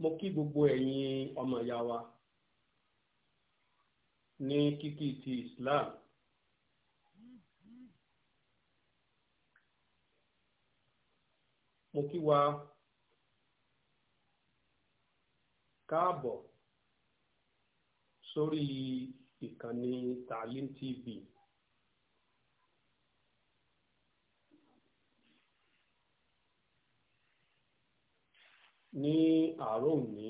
mo kí gbogbo ẹ̀yin ọmọ ìyá wa ní kíkí ti Islam mo kí wa káàbọ̀ sórí ìkànnì Taalim TV. ní àárọ̀ òní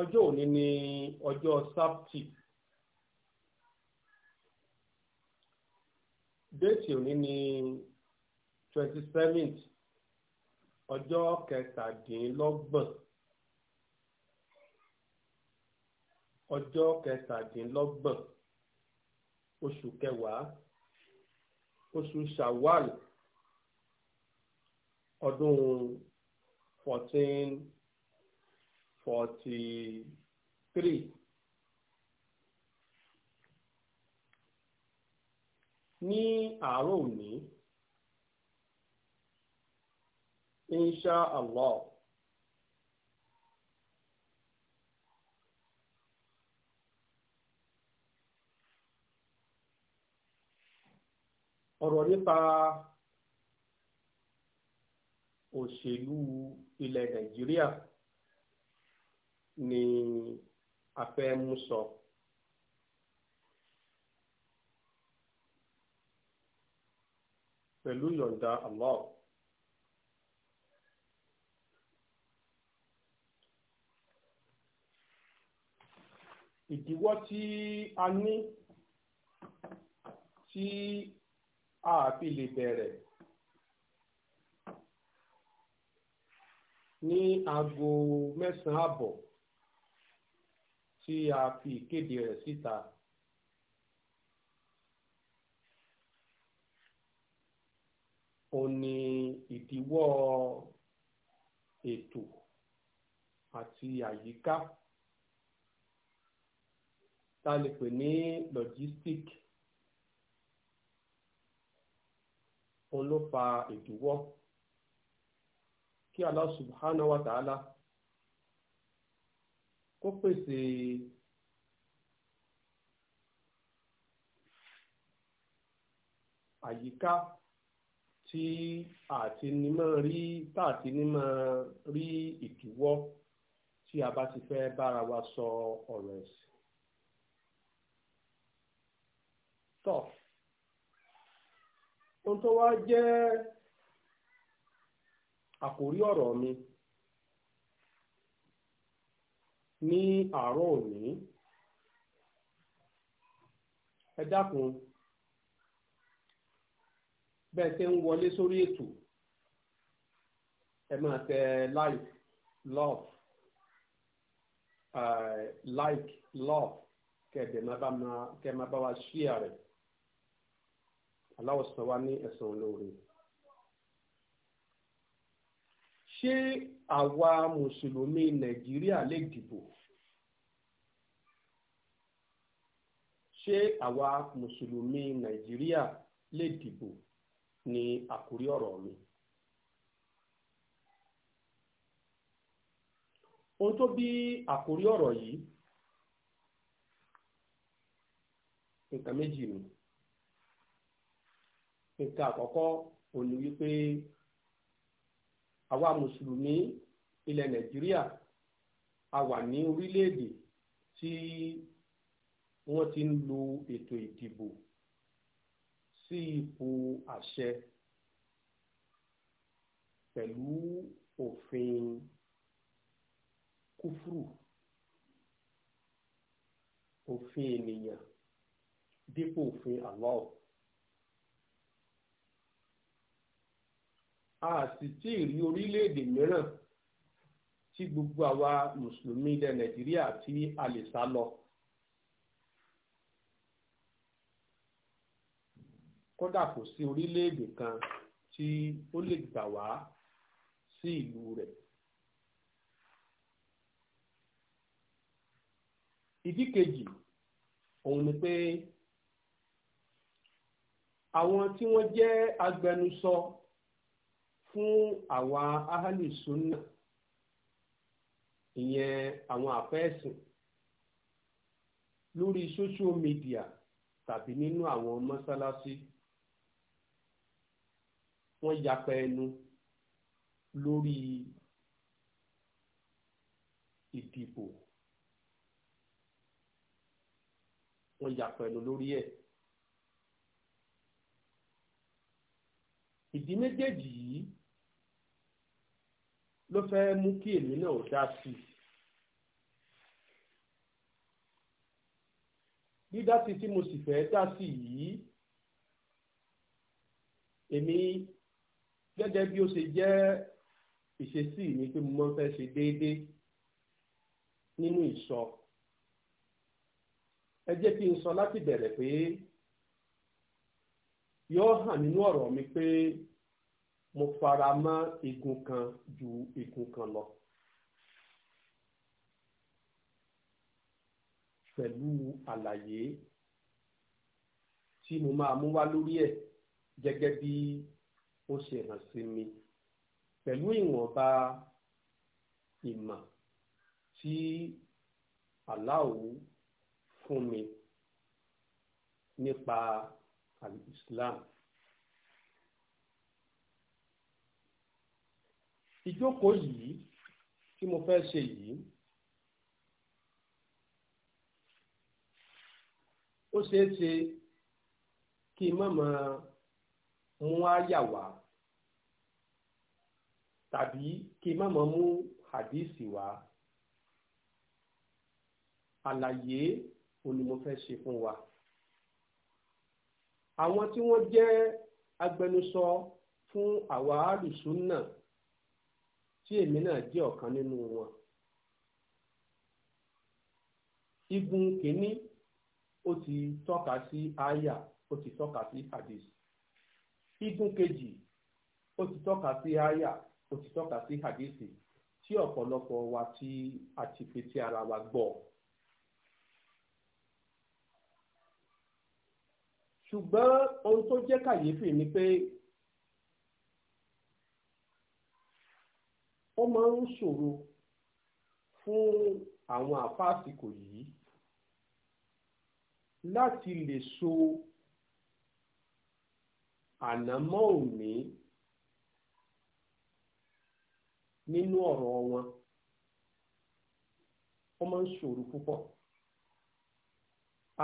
ọjọ́ òní ni ọjọ́ sábtì déètì òní ni twenty seventh ọjọ́ kẹtàdínlọ́gbọ̀n ọjọ́ kẹtàdínlọ́gbọ̀n oṣù kẹwàá oṣù Ṣawal ọdún 1443 i arụni allah alọ ọrọlipa òṣèlú ilẹ̀ nàìjíríà ni a fẹ́ mú sọ. pẹ̀lú yọ̀ǹda Allah. ìdíwọ́ tí a ní tí a fi lè bẹ̀rẹ̀ ní aago mẹ́sàn-án àbọ̀ tí a fi ìkéde rẹ̀ síta. ó ní ìdíwọ́ ètò àti àyíká tá a lè pè ní logistic òun ló fa ìdíwọ́ kí Allah subhanahu wa ta'ala kó pèsè àyíká tí àti ní máa rí tá àti ní máa rí ìdíwọ́ tí a bá ti fẹ́ bára wa sọ ọ̀rọ̀ ẹ̀sìn. tọ́ ohun tó wá jẹ́ àkórí ọ̀rọ̀ mi ní àárọ̀ òní ẹ dákun bẹ́ẹ̀ tẹ́ ń wọlé sórí ètò ẹ máa tẹ like love uh, like love kẹ̀dẹ̀ kẹ́ máa bá wa ṣíà rẹ̀ aláwọ̀ sọ wa ní ẹ̀sán olóore. ṣé àwa mùsùlùmí nàìjíríà lè dìbò ṣé àwa mùsùlùmí nàìjíríà lè dìbò ni àkórí ọ̀rọ̀ mi. ohun tó bí àkórí ọ̀rọ̀ yìí nǹkan méjì ni nǹkan àkọ́kọ́ òní wípé. àwa mùsùlùmí ilẹ̀ nàìjíríà a wà ní orílẹ̀-èdè tí wọ́n ti ń lo ètò ìdìbò sí ipò àṣẹ pẹ̀lú òfin kúfùrù òfin ènìyàn dípò òfin Allah a sì tí ì rí orílẹ̀-èdè mìíràn tí gbogbo àwa mùsùlùmí ilẹ̀ nàìjíríà tí a lè sá lọ. kódà kò sí orílẹ̀-èdè kan tí ó lè gbà wá sí ìlú rẹ̀. ìdí kejì òun ni pé àwọn tí wọ́n jẹ́ agbẹnusọ. So, fún àwa ahali sunna ìyẹn àwọn àfẹ́sìn lórí social media tàbí nínú àwọn mọ́sálásí wọ́n yapa ẹnu lórí ìdìbò wọ́n yapa ẹnu lórí ẹ̀. ìdí méjèèjì yìí ló fẹ́ mú kí èmi náà dá sí i. dídá sí tí mo sì fẹ́ dá sí yìí èmi gẹ́gẹ́ bí ó ṣe jẹ́ ìṣesí mi pé mo máa ń fẹ́ ṣe déédéé nínú ìsọ ẹ jẹ́ kí n sọ láti bẹ̀rẹ̀ pé yóò hàn nínú ọ̀rọ̀ mi pé mo fara mọ́ igun kan ju igun kan lọ. pẹ̀lú àlàyé tí mo máa mú wá lórí ẹ̀ gẹ́gẹ́ bí ó ṣe hàn sí mi pẹ̀lú ìwọ̀nba ìmọ̀ tí aláwo fún mi nípa al-Islam. ìjókòó yìí tí mo fẹ́ ṣe yìí ó ṣeé ṣe kí n má máa mú àyà wá tàbí kí n má máa mú hadisi wá àlàyé òun ni mo fẹ́ ṣe fún wa àwọn tí wọ́n jẹ́ agbẹnusọ fún àwa alùsùn náà tí èmi náà jẹ́ ọ̀kan nínú wọn. igun kìíní ó ti tọ́ka sí aya ó ti tọ́ka sí hadith igun kejì ó ti tọ́ka sí aya ó ti tọ́ka sí hadith tí ọ̀pọ̀lọpọ̀ wa a ti fi ara wa gbọ́. ṣùgbọ́n ohun tó jẹ́ kàyéfì ni pé ó máa ń ṣòro fún àwọn àfáàsìkò yìí láti lè so ànámọ́ òní nínú ọ̀rọ̀ wọn ó máa ń ṣòro púpọ̀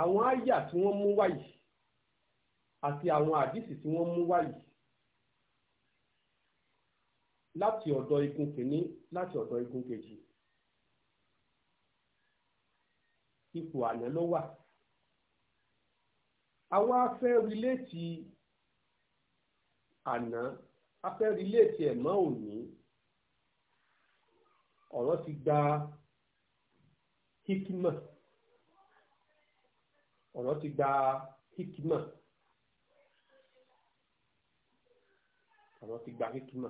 àwọn àyà tí wọ́n mú wáyìí àti àwọn àdìsí tí wọ́n mú wáyìí láti ọ̀dọ̀ igun kìíní láti ọ̀dọ̀ igun kejì ipò àná ló wà àwa fẹ́ rìlẹ́tì àná a fẹ́ rìlẹ́tì ẹ̀ mọ́ òní ọ̀rọ̀ ti gba hikima ọ̀rọ̀ ti gba hikima ọ̀rọ̀ ti gba hikima.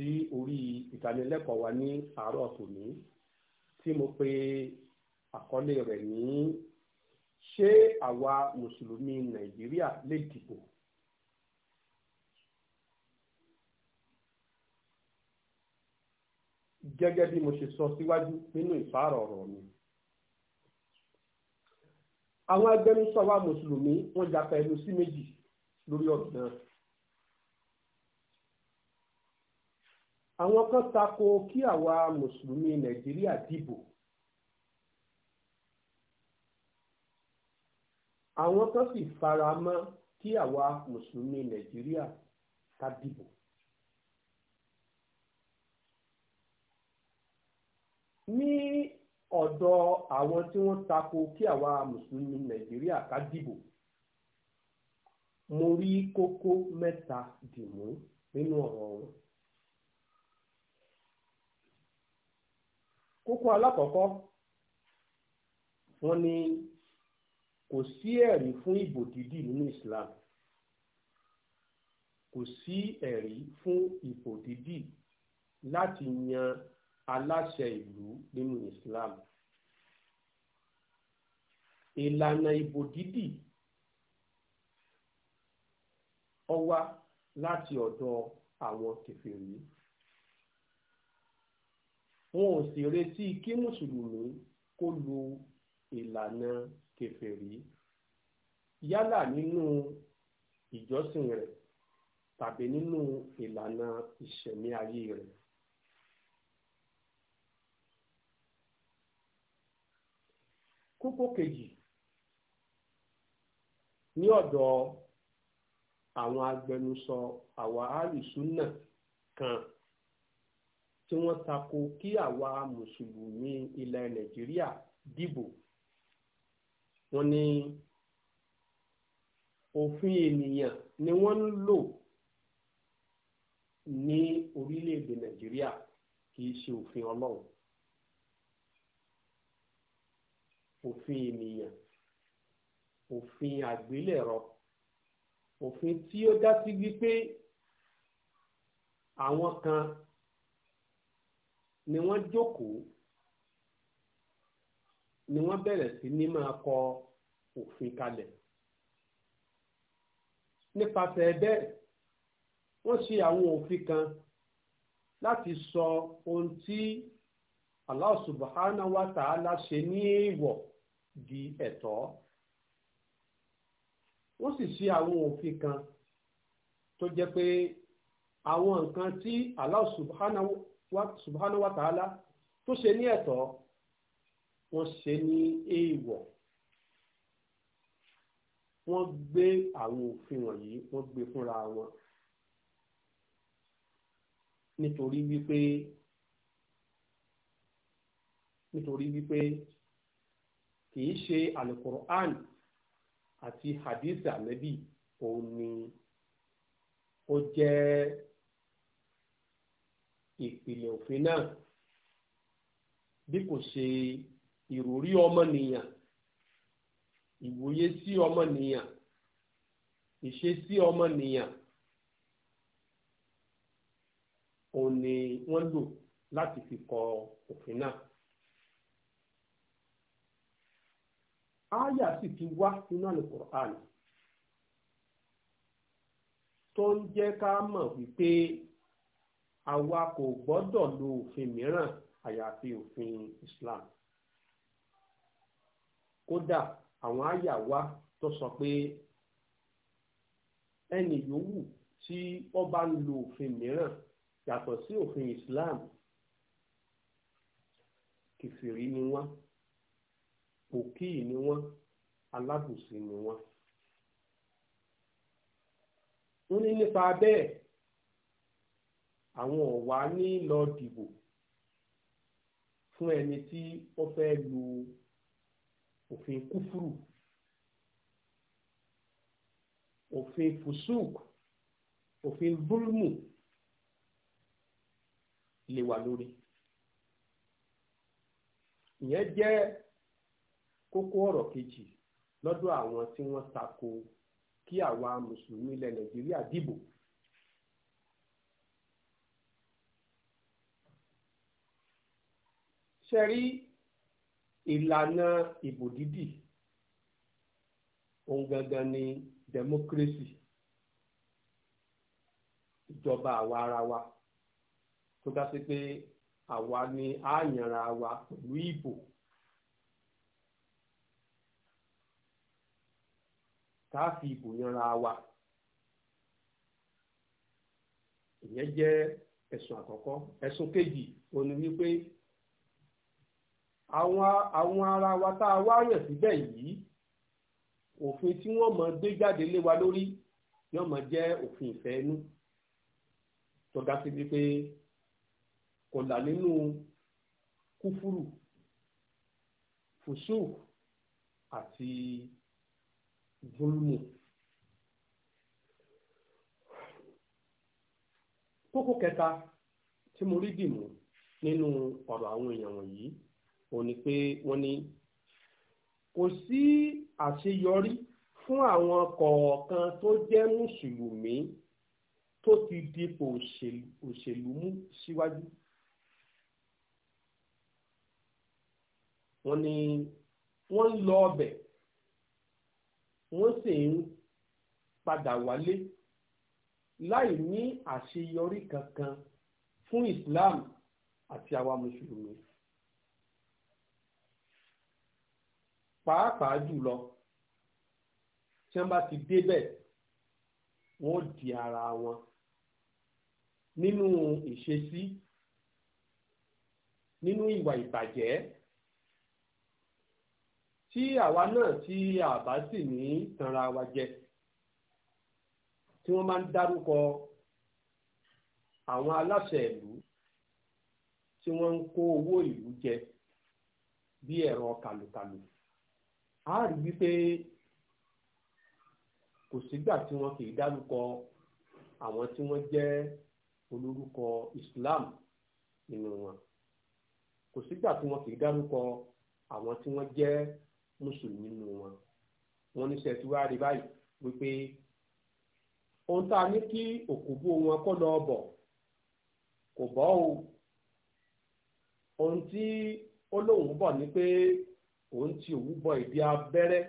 sí orí ìdánilẹ́kọ̀ọ́ wa ní àárọ̀ tòní tí mo pe àkọlé rẹ̀ ní ṣé àwa mùsùlùmí nàìjíríà lè dìbò. gẹ́gẹ́ bí mo ṣe sọ síwájú nínú ìfáàrọ̀ ọ̀rọ̀ mi. àwọn agbẹnusọ wa mùsùlùmí wọ́n japa ẹnu sí méjì lórí ọ̀rọ̀ náà. àwọn kan tako kí àwa mùsùlùmí nàìjíríà dìbò àwọn kan sì fara mọ́ kí àwa mùsùlùmí nàìjíríà ká dìbò. ní ọ̀dọ̀ àwọn tí wọ́n tako kí àwa mùsùlùmí nàìjíríà ká dìbò mo rí kókó mẹ́ta dìmú nínú ọ̀rọ̀ wọn. kókó alákọ̀ọ́kọ́ wọ́n ní kò sí ẹ̀rí fún ìbò dídì nínú Islam kò sí ẹ̀rí fún ìbò dídì láti yan aláṣẹ ìlú nínú Islam ìlànà ìbò dídì ó wá láti ọ̀dọ̀ àwọn kèfèrí wọn ò sì retí kí mùsùlùmí kó lu ìlànà kèfèrí yálà nínú ìjọsìn rẹ̀ tàbí nínú ìlànà ìṣẹ̀mí ayé rẹ̀. kókó kejì ní ọ̀dọ̀ àwọn agbẹnusọ àwa alùsùnà kan tí wọ́n tako kí àwa mùsùlùmí ilẹ̀ nàìjíríà dìbò wọ́n ní òfin ènìyàn ni wọ́n ń lò ní orílẹ̀-èdè nàìjíríà kì í ṣe òfin ọlọ́run òfin ènìyàn òfin àgbélẹ̀rọ òfin tí ó dá sí wípé àwọn kan ni wọ́n jókòó ni wọ́n bẹ̀rẹ̀ sí ní máa kọ òfin kalẹ̀ nípasẹ̀ bẹ́ẹ̀ wọ́n ṣe àwọn òfin kan láti sọ ohun tí Allah subhanahu wa ta'ala ṣe ní èèwọ̀ di ẹ̀tọ́ wọ́n sì ṣe àwọn òfin kan tó jẹ́ pé àwọn nǹkan tí Allah subhanahu subhanahu wa ta'ala tó ṣe ní ẹ̀tọ́ wọ́n ṣe ní èèwọ̀ wọ́n gbé àwọn òfin wọ̀nyí wọ́n gbé fúnra wọn nítorí wípé nítorí wípé kìí ṣe alukur'an àti hadith anabi òun ni ó jẹ́ ìpìlẹ̀ òfin náà bí kò ṣe ìròrí ọmọnìyàn ìwòye sí ọmọnìyàn ìṣesí ọmọnìyàn òun ni wọ́n lò láti fi kọ òfin náà. Aya sì ti wá nínú Al-Qur'an tó ń jẹ́ ká mọ̀ wípé. àwa kò gbọ́dọ̀ lo òfin mìíràn àyàfi òfin Islam kódà àwọn àyà wa tó sọ pé ẹni yòówù tí ó bá ń lo òfin mìíràn yàtọ̀ sí òfin Islam kìfìrí ni wọ́n pòkíì ni wọ́n alábùsí ni wọ́n. wọ́n ní nípa bẹ́ẹ̀ àwọn ọ̀wá ní lọ dìbò fún ẹni tí ó fẹ́ lu òfin kúfúrù òfin fùsùk òfin búlmù lè wà lórí ìyẹn jẹ́ kókó ọ̀rọ̀ kejì lọ́dọ̀ àwọn tí wọ́n tako kí àwa mùsùlùmí ilẹ̀ nàìjíríà dìbò ṣe rí ìlànà ìbò dídì ohun gangan ni democracy ìjọba àwa ara wa tó dá sí pé àwa ni a yànra wa pẹ̀lú ìbò. tá a fi ìbò yànra wa ìyẹn jẹ́ ẹ̀sùn àkọ́kọ́ ẹ̀sùn kejì òun ni wípé àwọn àwọn ara wa tá a wá yàn síbẹ̀ yìí òfin tí wọ́n mọ̀ gbé jáde lé wa lórí yóò mọ̀ jẹ́ òfin ìfẹ́ inú tó dá sí wípé kò là nínú kúfúrù fùsù àti búlùmù. kókó kẹta tí mo rí dìmú nínú ọ̀rọ̀ àwọn èèyàn wọ̀nyí òun ni pé wọ́n ní kò sí àṣeyọrí fún àwọn kọ̀ọ̀kan tó jẹ́ mùsùlùmí tó ti dipò òṣèlú mú síwájú. wọ́n ní wọ́n ń lọ ọbẹ̀ wọ́n sì ń padà wálé láì ní àṣeyọrí kankan fún Islam àti àwa mùsùlùmí. pàápàá jùlọ tí wọ́n bá ti débẹ̀ wọ́n di ara wọn nínú ìṣesí nínú ìwà ìbàjẹ́ tí àwa náà tí a bá sì ní tanra wa jẹ tí wọ́n máa ń dárúkọ àwọn aláṣẹ ìlú tí wọ́n ń kó owó ìlú jẹ bí ẹ̀rọ kàlùkàlù a rí wípé kò sígbà tí wọn kì í dárúkọ àwọn tí wọ́n jẹ́ olórúkọ Islam nínú wọn kò sígbà tí wọn kì í dárúkọ àwọn tí wọ́n jẹ́ mùsùlùmí nínú wọn wọ́n ní sẹ tí wàá rí báyìí wípé ohun tá a ní kí òkúbó wọn kọ́ lọ bọ̀ kò bọ́ o ohun tí ó lóun bọ̀ ni pé òun ti òwú bọ ìdí abẹ́rẹ́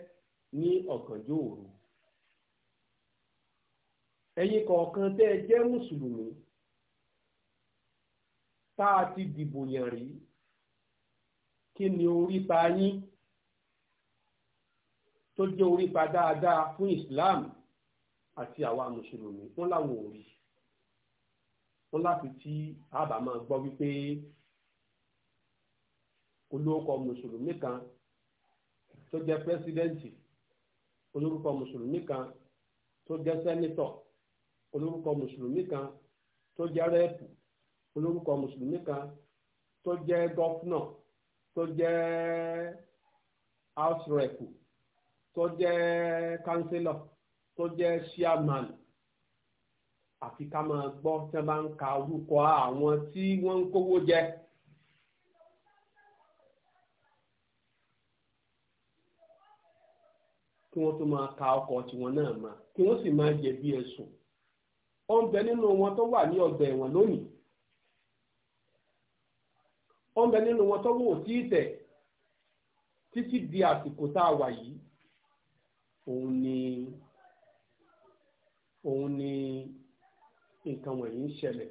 ní ọ̀gànjọ́ òru ẹ̀yin kọ̀ọ̀kan tẹ́ ẹ jẹ́ mùsùlùmí tá a ti dìbò yàn rí kí ni orípa yín tó jẹ́ orípa dáadáa fún Islam àti àwa mùsùlùmí wọ́n láwọn ò rí wọ́n láti tí àbá máa gbọ́ wípé olóòkọ mùsùlùmí kan tó jẹ́ pẹ́sidẹ́ǹtì olórúkọ mùsùlùmí kan tó jẹ́ sẹ́nitọ̀ olórúkọ mùsùlùmí kan tó jẹ́ rẹ́ẹ̀pù olórúkọ mùsùlùmí kan tó jẹ́ gọ́fúnọ̀ tó jẹ́ house tó jẹ́ kánsílọ̀ tó jẹ́ chairman àfi ká máa gbọ́ tí wọ́n bá ń ka orúkọ àwọn tí wọ́n ń kówó jẹ. wọ́n tó máa ka ọkọ tiwọn náà ma kí wọn sì máa jẹ̀bi ẹ̀sùn ó ń nínú wọn tó wà ní ọgbà ẹwọn lónìí ó nínú wọn tó wò tí ì títí di àsìkò tá a wà yìí òun ni òun ni nǹkan wọ̀nyí ń ṣẹlẹ̀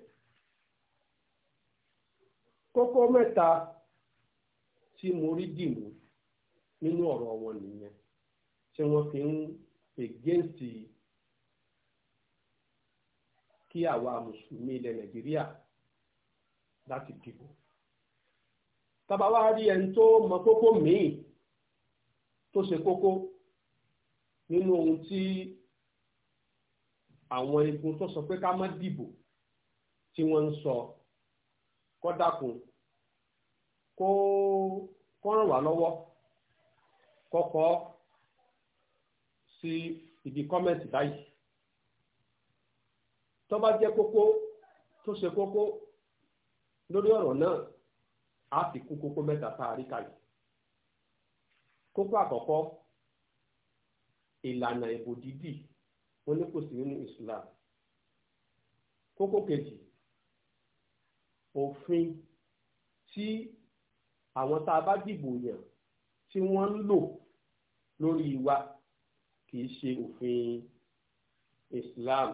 kókó mẹ́ta tí mo rí dì mú nínú ọ̀rọ̀ wọn nìyẹn tí wọ́n fi ń against kí àwa mùsùlùmí ilẹ̀ nàìjíríà láti dìbò tàbá wá rí ẹni tó mọ kókó míì tó ṣe kókó nínú ohun tí àwọn igun tó sọ pé ká má dìbò tí wọ́n ń sọ kó dákun kó kó ràn wá lọ́wọ́ kọ́kọ́ sí ibi kọ́mẹ̀ntì báyìí tó bá jẹ́ kókó tó ṣe kókó lórí ọ̀rọ̀ náà á fi kún kókó mẹ́ta tá a rí kàyí kókó àkọ́kọ́ ìlànà ìbò dídì wọn ní kò sí nínú Islam kókó kejì òfin tí àwọn tá a bá dìbò yàn tí wọ́n ń lò lórí wa kì í ṣe òfin Islam.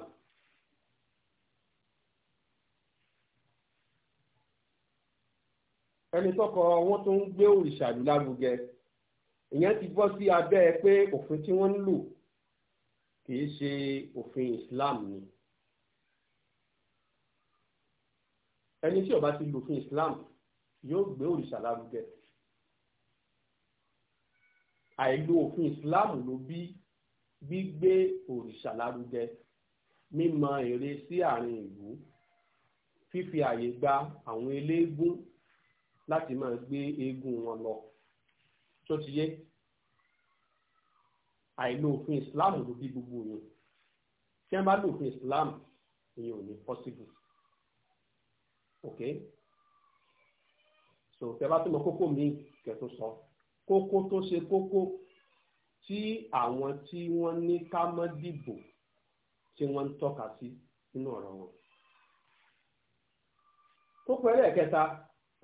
ẹni tọkọ wọn tó ń gbé òrìṣà lù lárugẹ ìyẹn ti bọ́ sí abẹ́ pé òfin tí wọ́n ń lò kì í ṣe òfin Islam ni. ẹni tí ó bá ti lòfin Islam yóò gbé òrìṣà lárugẹ àìlò òfin Islam ló bí gbígbé òrìṣà lárugẹ mímọ ère sí àárín ìlú fífi àyè gba àwọn eléégún láti máa gbé eégún wọn lọ tó ti yé àìlò òfin Islam ló bí gbogbo yẹn tí wọn bá lò òfin Islam ìyẹn ò ní possible ok so tẹ bá tún mọ kókó míì kẹtù sọ kókó tó ṣe kókó tí àwọn tí wọ́n ní ká mọ́ dìbò tí wọ́n ń tọ́ka sí nínú ọ̀rọ̀ wọn. kókó ẹlẹ́ẹ̀kẹta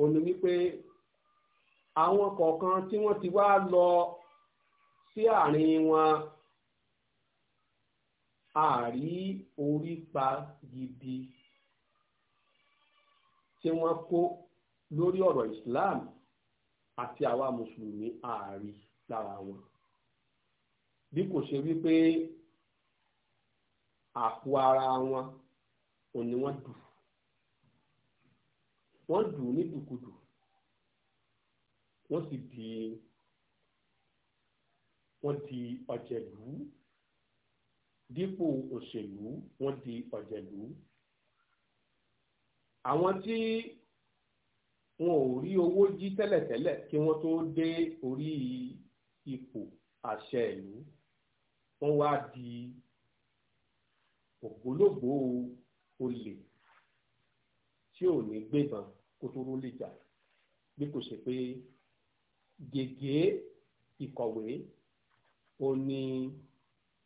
òní wípé àwọn kọ̀ọ̀kan tí wọ́n ti wá lọ sí àárín wọn àrí orí pa gidi tí wọ́n kó lórí ọ̀rọ̀ Islam àti àwa mùsùlùmí àárí lára wọn bí kò ṣe wípé àpò ara wọn ò ní wọ́n dù wọ́n dù ní dùkudù wọ́n sì di wọ́n di ọ̀jẹ̀lú dípò òṣèlú wọ́n di ọ̀jẹ̀lú àwọn tí wọn ò rí owó jí tẹ́lẹ̀tẹ́lẹ̀ kí wọ́n tó dé orí ipò àṣẹ ìlú wọ́n wá di ògbólógbòó olè tí ò ní gbébọn kó tó ró lè jà bí kò ṣe pé gègé ìkọ̀wé ó ní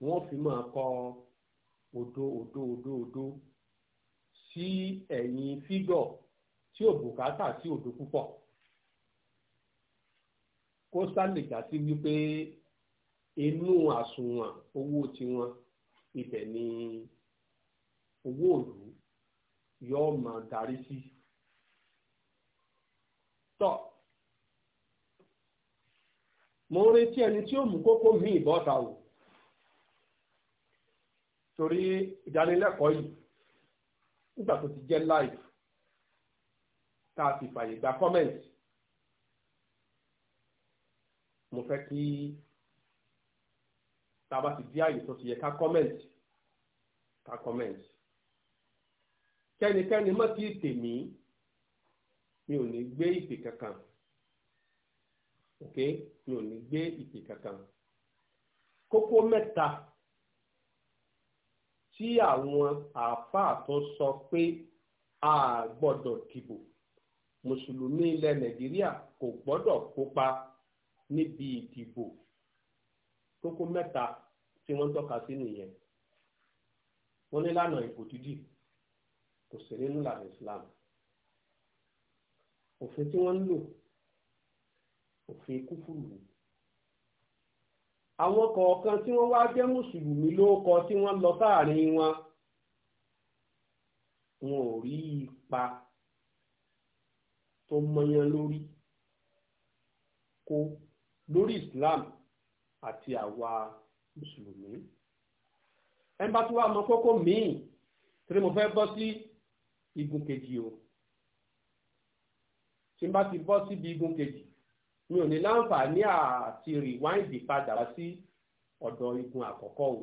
wọ́n fi máa kọ òdo òdo òdo òdo sí ẹ̀yìn fígọ̀ tí ò bùkátà sí òdo púpọ̀ kó sá lè sí wípé inú àsùnwọ̀n owó tiwọn ibẹ̀ ni owó òlù yóò máa darí sí. tọ́ mo ń retí ẹni tí ó mú kókó mi ìbọ́ta o torí ìdánilẹ́kọ̀ọ́ yìí nígbà tó ti jẹ́ live tá a sì fàyè gba comment mo fẹ́ kí. tá a bá ti dí àyè tó ti yẹ ká comment ká comment kẹ́nikẹ́ni mọ́ sí ìpè mi ò ní gbé ìpè kankan ok mi ò ní gbé ìpè kankan kókó mẹ́ta tí àwọn àáfàá tó sọ pé a gbọ́dọ̀ dìbò mùsùlùmí ilẹ̀ nàìjíríà kò gbọ́dọ̀ kópa níbi ìdìbò kókó mẹ́ta tí wọ́n ń tọ́ka sí nìyẹn wọ́n ní lánàá ipò dídì kò sí nínú ìlànà Islam òfin tí wọ́n ń lò òfin kúfùrù àwọn kọ̀ọ̀kan tí wọ́n wá jẹ́ mùsùlùmí lóókọ tí wọ́n lọ sáàrin wọn wọn ò rí ipa tó mọyán lórí kó lórí Islam àti àwa mùsùlùmí ẹni bá tún wà mọ kókó míì tí mo fẹ́ bọ́ sí igun kejì o tí n bá ti bọ́ síbi igun kejì mi ò ní láǹfààní àti rìwáìndì padà sí ọ̀dọ̀ igun àkọ́kọ́ o.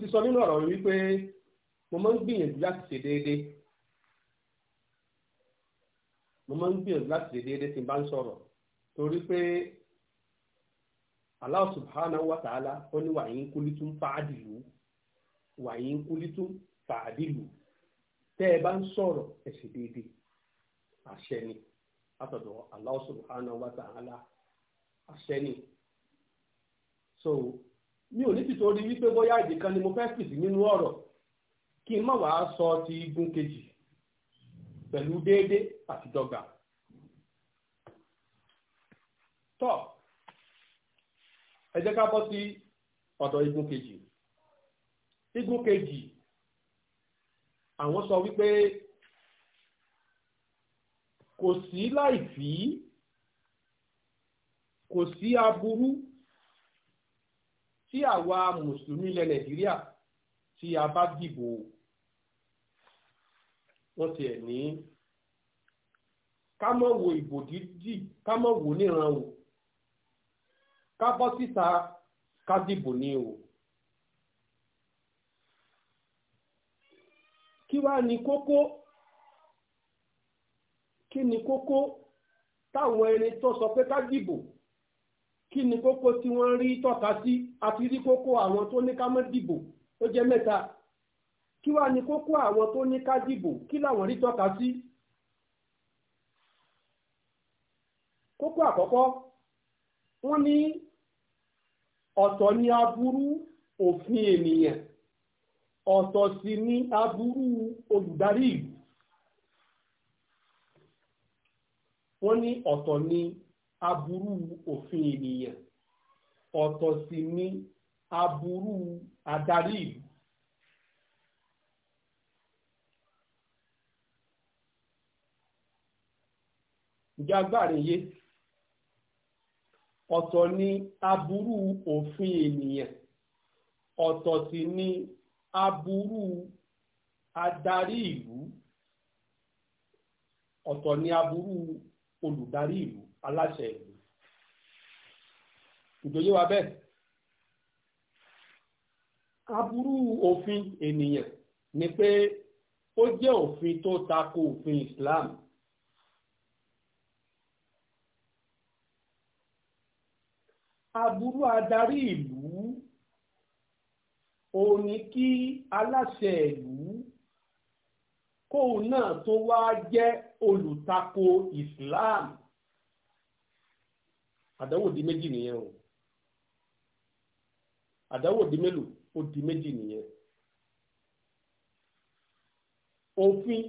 ti sọ nínú ọ̀rọ̀ mi wípé mo máa ń gbìyànjú láti ṣe déédéé mo máa ń gbìyànjú láti ṣe déédéé tí n bá ń sọ̀rọ̀ torí pé Allah subhanahu wa ta'ala ó ní wàyí ń kúlí tún fàádìlú wàyí ń kúlí tún fàádìlú tẹ́ ẹ bá ń sọ̀rọ̀ ẹ ṣe déédéé àṣẹ ni látọ̀dọ̀ Allah subhanahu wa ta'ala àṣẹ ni mi ò ní ti torí wípé bóyá ìdí kan ni mo fẹ́ fìdí nínú ọ̀rọ̀ kí n má wàá sọ ti igun kejì pẹ̀lú déédéé àti dọ́gba. tọ́ ẹ jẹ́ ká bọ́ sí ọ̀dọ̀ igun kejì igun kejì àwọn sọ wípé kò sí láì fí kò sí aburú tí àwa mùsùlùmí ilẹ̀ nàìjíríà tí a bá dìbò wọ́n tiẹ̀ ní ká mọ̀ wo ìbò dídì ká mọ̀ wo níran o ká bọ́ síta ká dìbò ní o. kí wá ní kókó kí ni kókó táwọn ẹni tó sọ pé ká dìbò kí ni kókó tí wọ́n rí tọ́ka sí àti rí kókó àwọn tó ní ká má dìbò tó jẹ́ mẹ́ta kí wàá ní kókó àwọn tó ní ká dìbò kí làwọn rí tọ́ka sí. kókó àkọ́kọ́ wọ́n ní ọ̀tọ̀ ni aburú òfin ènìyàn ọ̀tọ̀ sì ni aburú olùdarí ìlú wọ́n ní ọ̀tọ̀ ni. aburú òfin ènìyàn ọ̀tọ̀ sì abụrụ aburú òfin ènìyàn ọtọ sì ni adarí ìlú. aláṣẹ ìlú ìjòyè wa bẹ́ẹ̀ aburú òfin ènìyàn ni pé ó jẹ́ òfin tó tako òfin Islam aburú adarí ìlú òun ni kí aláṣẹ ìlú kóun náà tó wá jẹ́ olùtako Islam àdánwò di méjì nìyẹn o àdánwò di mélòó ó di méjì nìyẹn òfin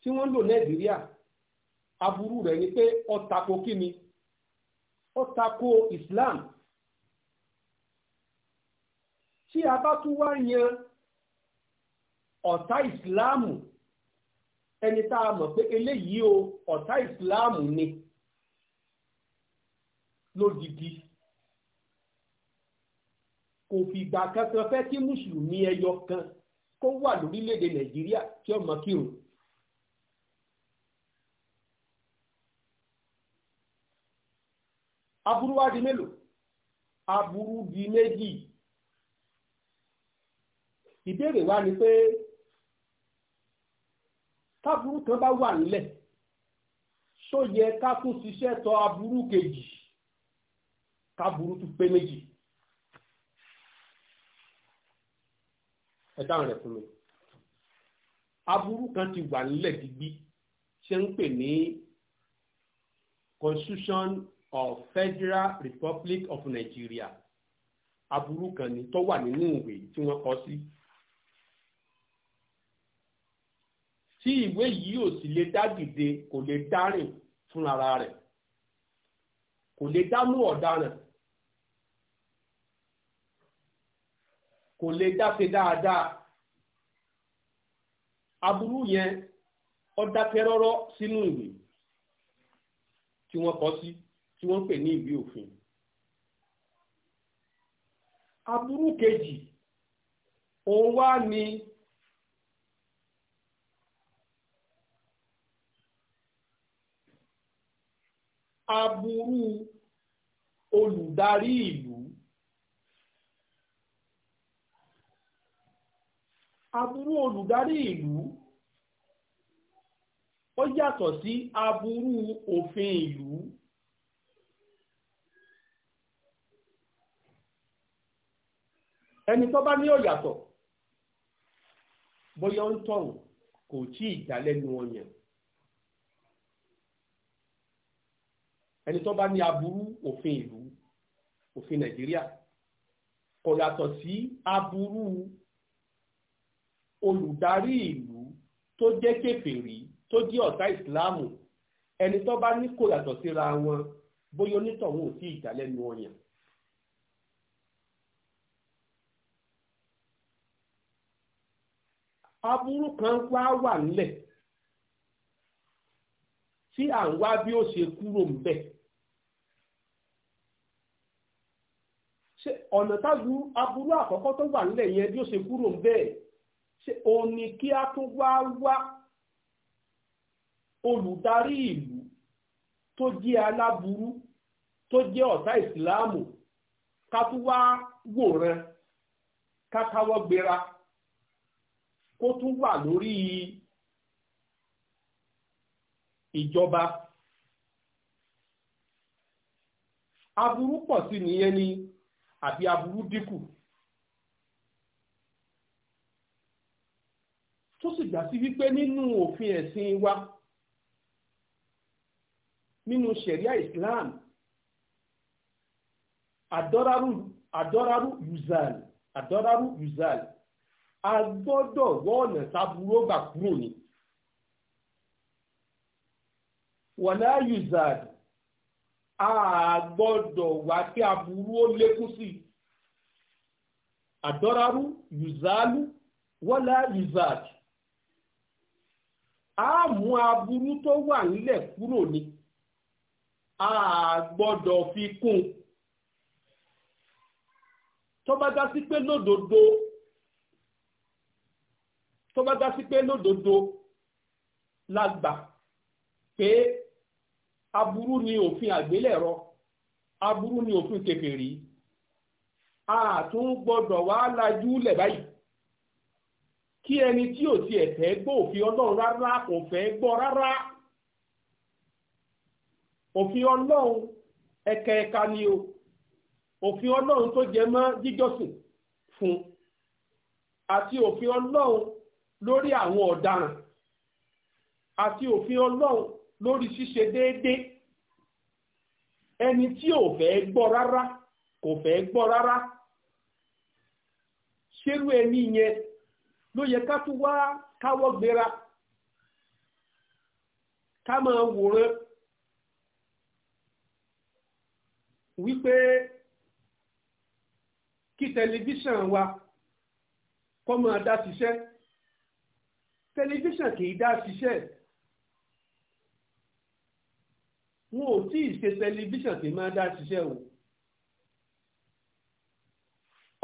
tí wọ́n ń lò nàìjíríà aburú rẹ̀ ni pé ó tako kíni ó tako islam tí a bá tún wá yan ọ̀tá ìsìláàmù ẹni tá a mọ̀ pé eléyìí o ọ̀tá ìsìláàmù ni lódìdí kò fìgbà kankan fẹ́ kí mùsùlùmí ẹyọ kan kó wà lórílẹ̀‐èdè nàìjíríà kí ọmọ kírun. aburú wá di mélòó aburú di méjì ìbéèrè wa ni pé táburú kan bá wà nílẹ̀ ṣó ká tún ṣiṣẹ́ tọ aburú kejì káburú tún pé méjì ẹ dáhùn rẹ̀ fún mi aburú kan ti wà nílẹ̀ gbígbí ṣe ń pè ní constitution of federal republic of Nigeria aburú kan ni tó wà nínú ìwé tí wọ́n kọ sí. tí ìwé yìí ò sì lè dá dìde kò lè dárìn fún ara rẹ̀ kò lè dámú ọ̀daràn kò lè dáṣe dáadáa aburú yẹn ó dákẹ́ rọ́rọ́ sínú ìwé tí wọ́n kọ sí tí wọ́n pè ní ìwé òfin aburú kejì òun wá ní aburú olùdarí ìlú aburú olùdarí ìlú ó yàtọ̀ sí aburú òfin ìlú ẹni tó bá ní ó yàtọ̀ bóyá ń tọ̀hún kò tí ì lẹ́nu wọn ẹni tó bá ní aburú òfin ìlú òfin Nàìjíríà kò yàtọ̀ sí aburú olùdarí ìlú tó jẹ́ kèfèrí tó jẹ́ ọ̀tá ìsìláàmù ẹni tó bá ní kò yàtọ̀ síra wọn bóyá onítọ̀hún ò sí ìdálẹ́nu ọ̀yàn. aburú kan wá wà nílẹ̀ tí à ń wá bí ó ṣe kúrò ń bẹ̀. ṣé ọ̀nà táburú àkọ́kọ́ tó wà nílẹ̀ yẹn bí ó ṣe kúrò ń bẹ́ẹ̀ òun ni kí a tún wá wá olùdarí ìlú tó jẹ́ aláburú tó jẹ́ ọ̀tá ìsìláàmù ká tún wá wòran ká káwọ́ gbéra kó tún wà lórí ìjọba aburú pọ̀ sí nìyẹn ni àbí aburú dínkù. tó sì gbà sí wípé nínú òfin ẹ̀sìn wa nínú ṣẹ̀ríà Islam àdọ́rárú àdọ́rárú yuzal àdọ́rárú yuzal a gbọ́dọ̀ wọ́ọ̀nà sábúrò gbà kúrò ní wọ̀nà yuzal a gbọ́dọ̀ wá kí aburú ó lékún sí àdọ́rárú yuzalu wọ́lá yuzal a mú aburú tó wà nílẹ̀ kúrò ni a gbọ́dọ̀ fi kún tó bá dá sí pé lódodo tó bá dá sí pé lódodo la gbà aburú ni òfin àgbélẹ̀rọ aburú ni òfin kèfèrí a tún gbọ́dọ̀ wá lajú lẹ̀ báyìí kí ẹni tí ò tiẹ̀ fẹ́ gbọ́ òfin ọlọ́run rárá kò fẹ́ gbọ́ rárá òfin ọlọ́run ẹ̀kẹ̀ẹ̀ka ni o òfin ọlọ́run tó jẹ mọ́ jíjọ́sìn fún àti òfin ọlọ́run lórí àwọn ọ̀daràn àti òfin ọlọ́run lórí ṣíṣe déédéé ẹni tí ò fẹ́ gbọ́ rárá kò fẹ́ gbọ́ rárá ṣerú ẹni yẹn ló yẹ ká tún wá káwọ́ gbéra ká máa wòran wípé kí tẹlifíṣàn wa kọ́ máa dá ṣiṣẹ́ tẹlifíṣàn kì í dá ṣiṣẹ́ wọn ò tí ì ṣe tẹlifíṣàn kì í máa dá ṣiṣẹ́ o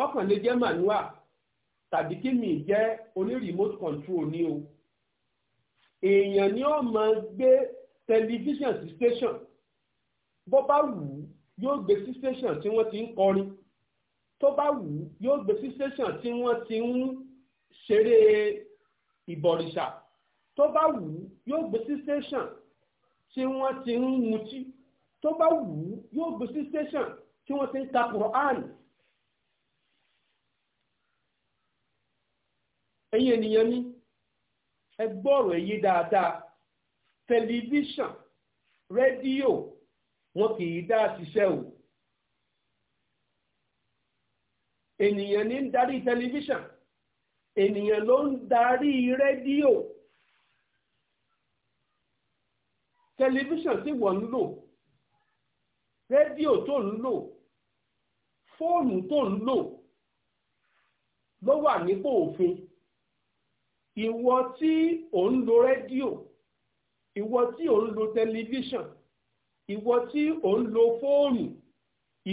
ọkàn lè jẹ́ mànúwà tàbí kí mi jẹ́ oní remote control ni o èèyàn ni ó máa gbé tẹlifíṣàn sí station bó bá wù ú yóò gbé sí station tí wọ́n ti ń kọrin tó bá wù ú yóò gbé sí station tí wọ́n ti ń ṣeré ìbọ̀rìṣà tó bá wù ú yóò gbé sí station tí wọ́n ti ń mutí tó bá wù ú yóò gbé sí station tí wọ́n ti ń ka Quran ẹ̀yin ènìyàn ní ẹ gbọ́rọ̀ èyí dáadáa tẹlifíṣàn rédíò wọn kì í dá ṣiṣẹ́ o ènìyàn ní ń darí tẹlifíṣàn ènìyàn ló ń darí rédíò tẹlifíṣàn tí wọ́n ń lò rédíò tó ń lò fóònù tó ń lò ló wà nípò òfin ìwọ tí ò ń lo rédíò ìwọ tí ò ń lo tẹlifíṣàn ìwọ tí ò ń lo fóònù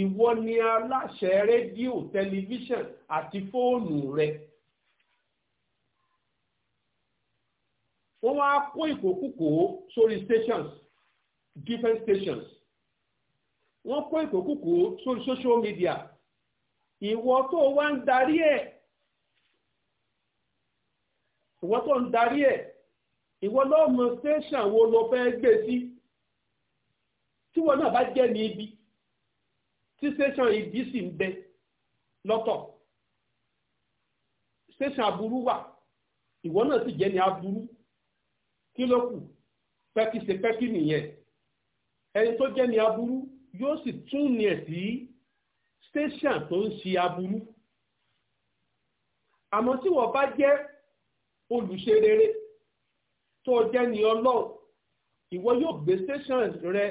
ìwọ ni aláṣẹ rédíò tẹlifíṣàn àti fóònù rẹ. wọ́n wá kó ìkókúkó sórí stations different stations wọ́n kó ìkókúkó sórí social media ìwọ tó wá ń darí ẹ̀ ìwọ tó ń darí ẹ̀ ìwọ ló mọ station wo lo fẹ́ gbé sí tíwọ náà bá jẹ́ ní ibi tí station ibi sì ń bẹ lọ́tọ̀ station aburú wà ìwọ náà sì jẹ́ ní aburú kí ló kù pẹ́kí ṣe pẹ́kí nìyẹn ẹni tó jẹ́ ní aburú yóò sì tún ní ẹ̀ sí station tó ń ṣe aburú àmọ́ tí wọ́n bá jẹ́ olùṣe rere tó jẹ́ ní ọlọ́run ìwọ yóò gbé station rẹ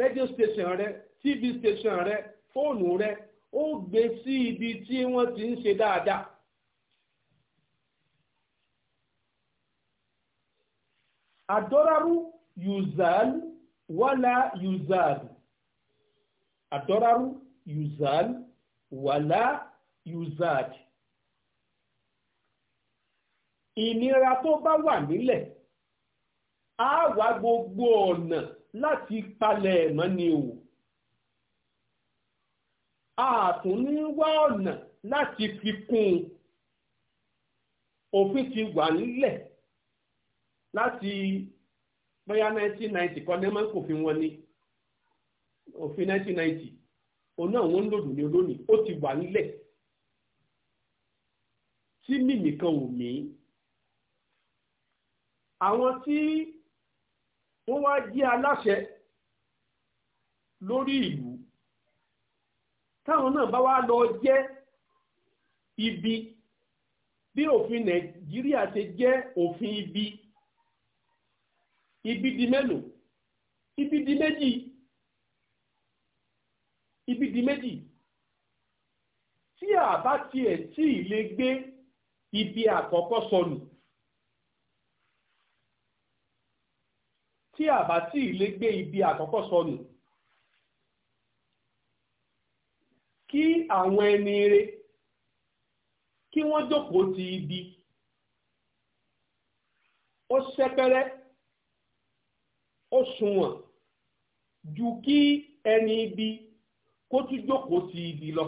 radio station rẹ tv station rẹ fóònù rẹ ó gbé sí ibi tí wọ́n ti ń ṣe dáadáa. àdọ́rárú yùzàlù wàlà yùzàlù àdọ́rárú yùzàlù wàlà yùzàlù ìnira tó bá wà nílẹ̀ á wá gbogbo ọ̀nà láti palẹ̀ ẹ̀mọ́ ni o a tún ní wá ọ̀nà láti fi kún un òfin ti wà nílẹ̀ láti bóyá 1990 kọ́ nẹ́mọ́ kò fi wọn ni òfin 1990 òun náà wọ́n ń lòdù ní olónìí ó ti wà nílẹ̀ tí mímì kan ò mí àwọn tí wọ́n wá jẹ́ aláṣẹ lórí ìlú táwọn náà bá wá lọ jẹ́ ibi bí òfin nàìjíríà ṣe jẹ́ òfin ibi ibi di mélòó ibi di méjì ibi di méjì tí a bá tiẹ̀ tí ì lè gbé ibi àkọ́kọ́ sọnù. So tí àbá tí ilé gbé ibi àkọ́kọ́ sọnù kí àwọn ẹni rẹ kí wọ́n jókòó ti ibi ó ṣẹ́pẹ́rẹ́ ó sunwọ̀n ju kí ẹni ibi kó tún jókòó ti ibi lọ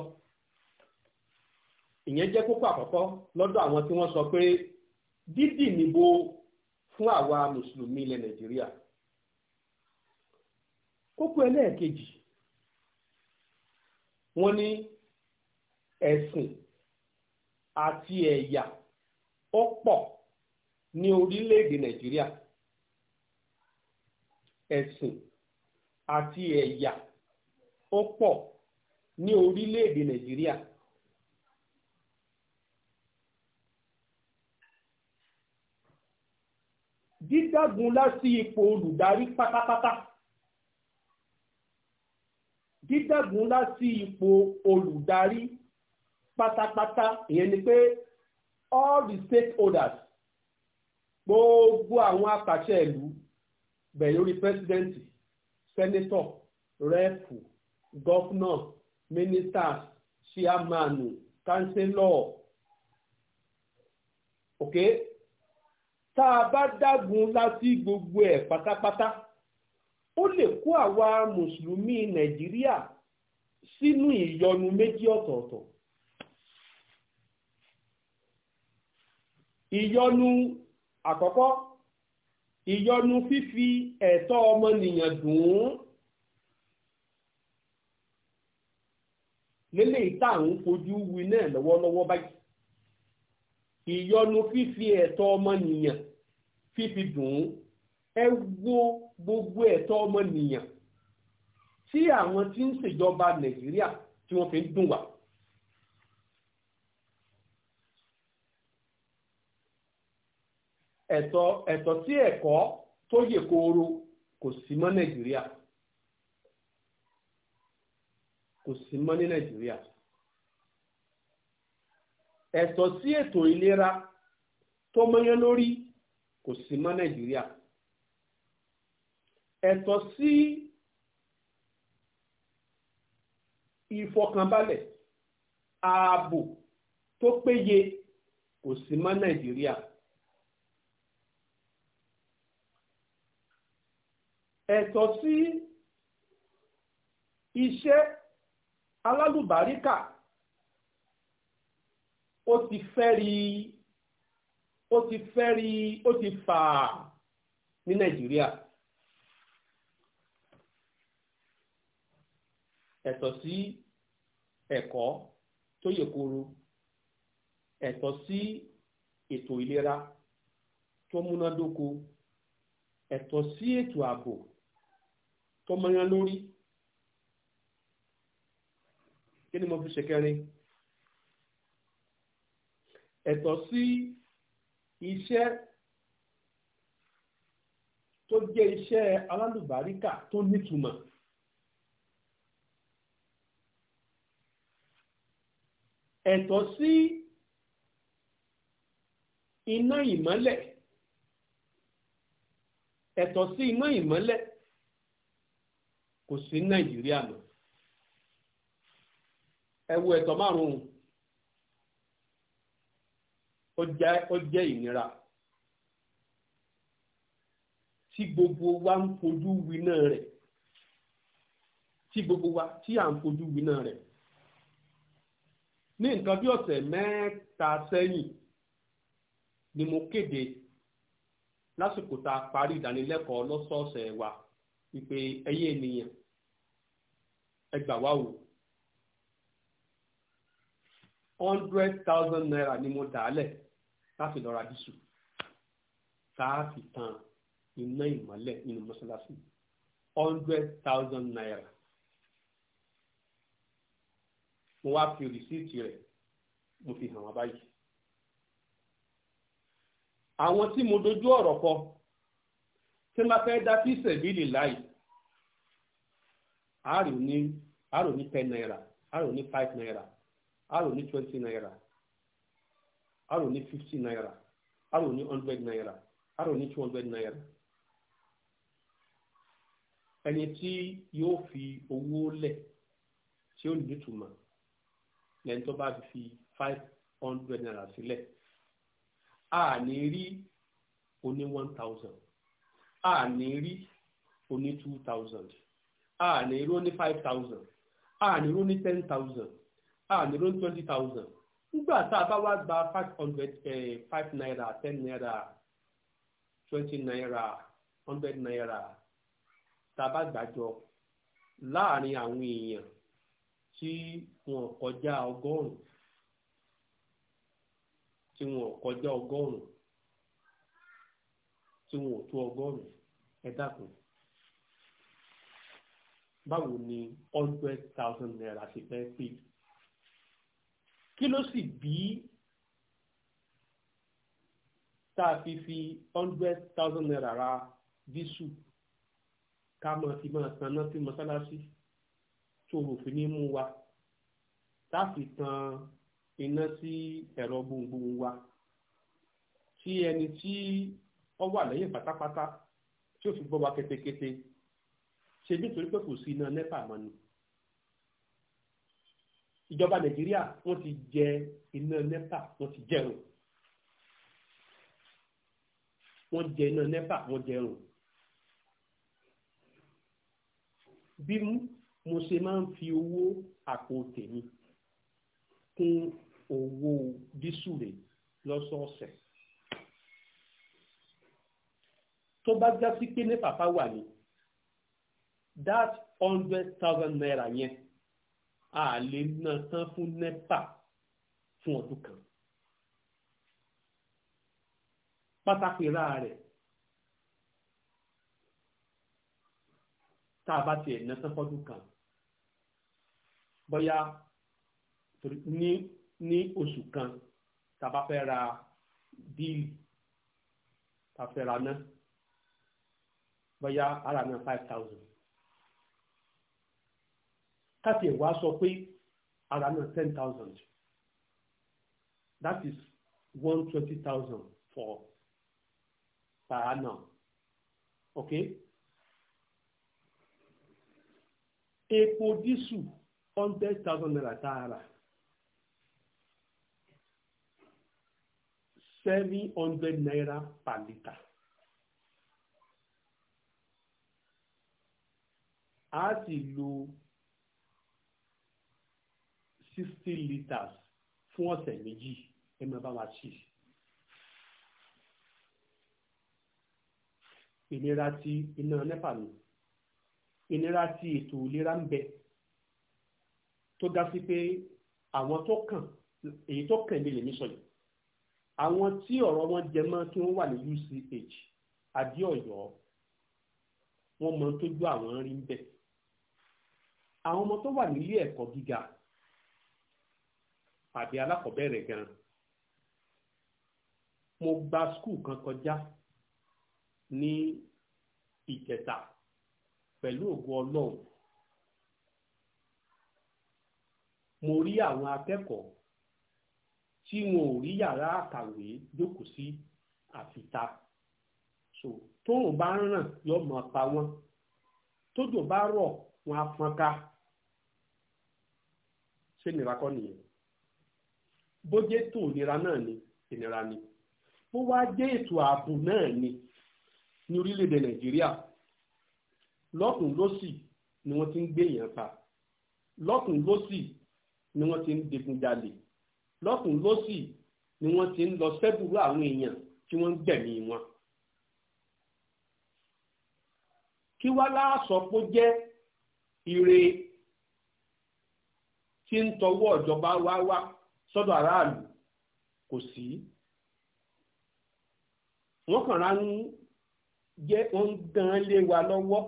ìyẹn jẹ́ kókó àkọ́kọ́ lọ́dọ̀ àwọn tí wọ́n sọ pé dídì nìbo fún àwa mùsùlùmí ilẹ̀ nàìjíríà kókó ẹlẹ́ẹ̀kejì wọ́n ní ẹ̀sìn àti ẹ̀yà ó pọ̀ ní orílẹ̀-èdè nàìjíríà ẹ̀sìn àti ẹ̀yà ó pọ̀ ní orílẹ̀-èdè nàìjíríà. dídágunlá sí ipò olùdarí pátápátá dídàgún lá sí ipò olùdarí pátápátá ìyẹn ni pé all the stakeholders gbogbo àwọn apàṣẹ ìlú bẹ̀rẹ̀ lórí pẹ́sidẹ́ǹtì sẹ́nẹ́tọ̀ rẹ́ẹ̀pù gọ́fúnà mínísítà ṣíàmánù kánsẹ́lọ̀ ok tá a bá dágun láti gbogbo ẹ̀ pátápátá. ó lè kó àwa mùsùlùmí nàìjíríà sínú ìyọnu méjì ọ̀tọ̀ọ̀tọ̀ ìyọnu àkọ́kọ́ ìyọnu fífi ẹ̀tọ́ ọmọnìyàn dùn ún lélẹ̀ ìta àwọn fojú wi náà lọ́wọ́lọ́wọ́ báyìí ìyọnu gbogbo ẹ̀tọ́ ọmọnìyàn tí àwọn tí ń ṣèjọba nàìjíríà tí wọ́n fi ń dùn wá. ẹ̀tọ́ ẹ̀tọ́ sí ẹ̀kọ́ tó yè kooro kò sí mọ́ nàìjíríà kò sí mọ́ ní nàìjíríà ẹ̀tọ́ sí ètò ìlera tó mọ́yán lórí kò sí mọ́ nàìjíríà ẹ̀tọ́ sí ìfọkànbalẹ̀ ààbò tó péye kò sí mọ́ Nàìjíríà. ẹ̀tọ́ sí iṣẹ́ alálùbáríkà ó ti fẹ́rí ó ti fẹ́rí ó ti fà ní Nàìjíríà. ẹ̀tọ́ sí ẹ̀kọ́ tó yè koro ẹ̀tọ́ sí ètò ìlera tó múnádóko ẹ̀tọ́ sí ètò ààbò tó mọ́yán lórí kí ni mo fi ṣe kẹrin ẹ̀tọ́ sí iṣẹ́ tó jẹ́ iṣẹ́ alálùbáríkà tó nítumọ̀. ẹ̀tọ́ sí iná ìmọ́lẹ̀ ẹ̀tọ́ sí iná ìmọ́lẹ̀ kò sí nàìjíríà mọ́ ẹ ẹ̀tọ́ márùn-ún ó jẹ́ ìnira tí gbogbo wa ń fojú winá rẹ̀ tí gbogbo wa tí à ń fojú winá rẹ̀. ní nǹkan bí ọ̀sẹ̀ mẹ́ta sẹ́yìn ni mo kéde lásìkò tá a parí ìdánilẹ́kọ̀ọ́ lọ́sọ̀ọ̀sẹ̀ wa wípé ẹ̀yin ènìyàn ẹ gbà wá o hundred thousand naira ni mo dà á lẹ̀ láti lọ ra dísù tá a fi tan iná ìmọ́lẹ̀ nínú mọ́ṣáláṣí hundred thousand naira mo wá fi rìsíìtì rẹ̀ mo fi hàn wọ́n báyìí. àwọn tí mo dojú ọ̀rọ̀ kọ tí wọ́n bá fẹ́ dá láì àárò naira àárò ní five naira àárò ní twenty naira àárò ní fifty naira àárò ní hundred naira àárò ní two hundred naira ẹni tí yóò fi owó tí lẹ́ni tó bá fi five hundred naira sílẹ̀ a ní rí oní one thousand a ní rí oní two thousand a ní rí oní five thousand a ní rí oní ten thousand a ní rí oní twenty thousand nígbà tá a bá wá gba five hundred eh, five naira ten naira twenty naira hundred naira tá a bá gbàjọ láàrin àwọn èèyàn tí wọn kọjá ọgọ́rùn tí wọn kọjá ọgọ́rùn tí wọn ò tó ọgọ́rùn ẹ dákun báwo ni hundred thousand naira ṣe fẹ́ pè kí ló sì bí tá a fi fi hundred thousand naira ra dísù ká máa fi máa sanná sí mọ́sálásí. Si ṣòro fi ní mú wa láti tan iná sí ẹ̀rọ gbogbogbò wa tí ẹni tí ó wà lẹ́yìn pátápátá tí ó fi gbọ́ wa kétékété ṣe nítorí pé kò sí iná nẹ́pà mọ́ ni ìjọba nàìjíríà wọ́n ti jẹ iná nẹ́pà wọ́n ti jẹun wọ́n jẹ iná nẹ́pà wọ́n jẹun bí mo ṣe máa ń fi owó àpò tèmi kún owó dísù rẹ̀ lọ́sọ̀ọ̀sẹ̀ tó bá já sí pé ní pàpá wà ní that hundred thousand naira yẹn a lè ná tán fún nepa fún ọdún kan pátákì ra rẹ̀ tá a bá tiẹ̀ ná tán fọ́dún kan bóyá ní ní oṣù kan tá a bá fẹ́ ra díìlì tá a fẹ́ ra náà bóyá ara náà five thousand káfíẹ̀ wá sọ pé ara náà ten thousand that is one twenty thousand for per annum okay epo dísù hundred thousand naira tààrà seven hundred naira per litre. a sì lo sixty litres fún ọ̀sẹ̀ méjì ẹ máa bá wa ṣì. ìnira ti iná nẹ́pà nù ìnira ti ètò ìlera ń bẹ tó dá sí pé àwọn tó kàn èyí tó kàn mí lèmi sọ àwọn tí ọ̀rọ̀ wọn jẹ mọ́ kí wọ́n wà ní UCH Adéọ̀yọ́ wọ́n mọ tó gbọ́ àwọn rí ń bẹ̀ àwọn ọmọ tó wà nílé ẹ̀kọ́ gíga àbí alákọ̀ọ́bẹ̀rẹ̀ gan mo gba skul kan kọjá ní ìjẹta pẹ̀lú ògo ọlọ́run mo rí àwọn akẹ́kọ̀ọ́ tí wọn ò rí yàrá àkàwé jókòó sí àfìta so tóun bá ń ràn yóò mọ pa wọn tójò bá rọ̀ wọn á fọn ká ṣé nira kọ́ nìyẹn bójé tó ìnira náà ni ìnira ni bó wá dé ètò ààbò náà ni ní orílẹ̀-èdè nàìjíríà lọ́tùn lósì ni wọ́n ti ń gbé èèyàn pa lọ́tùn lósì ni wọ́n ti ń digunjalè lọ́kùn lọ́sì ni wọ́n ti ń lọ sẹ́bùrú àwọn èèyàn tí wọ́n ń gbẹ̀mí wọn. kí wá láàsọ pé jẹ́ ire tí ń tọwọ́ ìjọba wá wá sọ́dọ̀ aráàlú kò sí. wọ́n kàn ránú jẹ́ wọ́n ń gan lé wa lọ́wọ́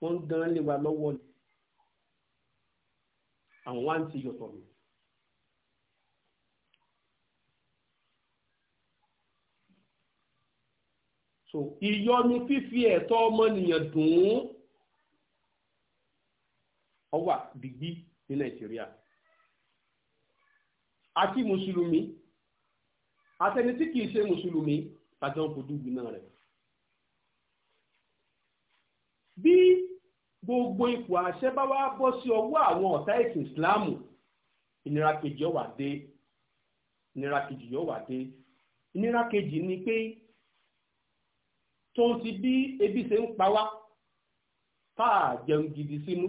wọ́n ń gan lé wa lọ́wọ́ ni àwọn wá ń ti yọ̀tọ̀ mi. so ìyọnu fífi ẹ̀tọ́ ọmọnìyàn dùn ún ọwà digbí ní nàìjíríà àti mùsùlùmí àtẹni tí kìí ṣe mùsùlùmí tàjọ ń fojú gbiná rẹ̀ bí gbogbo ipò àṣẹ bá wá bọ́ sí ọwọ́ àwọn ọ̀tá ẹ̀sìn ìsìláàmù ìnira kejì yóò wá dé ìnira kejì yóò wá dé ìnira kejì ni pé tóun ti bí ebi ṣe ń pa wá tá a jẹun gidi sínú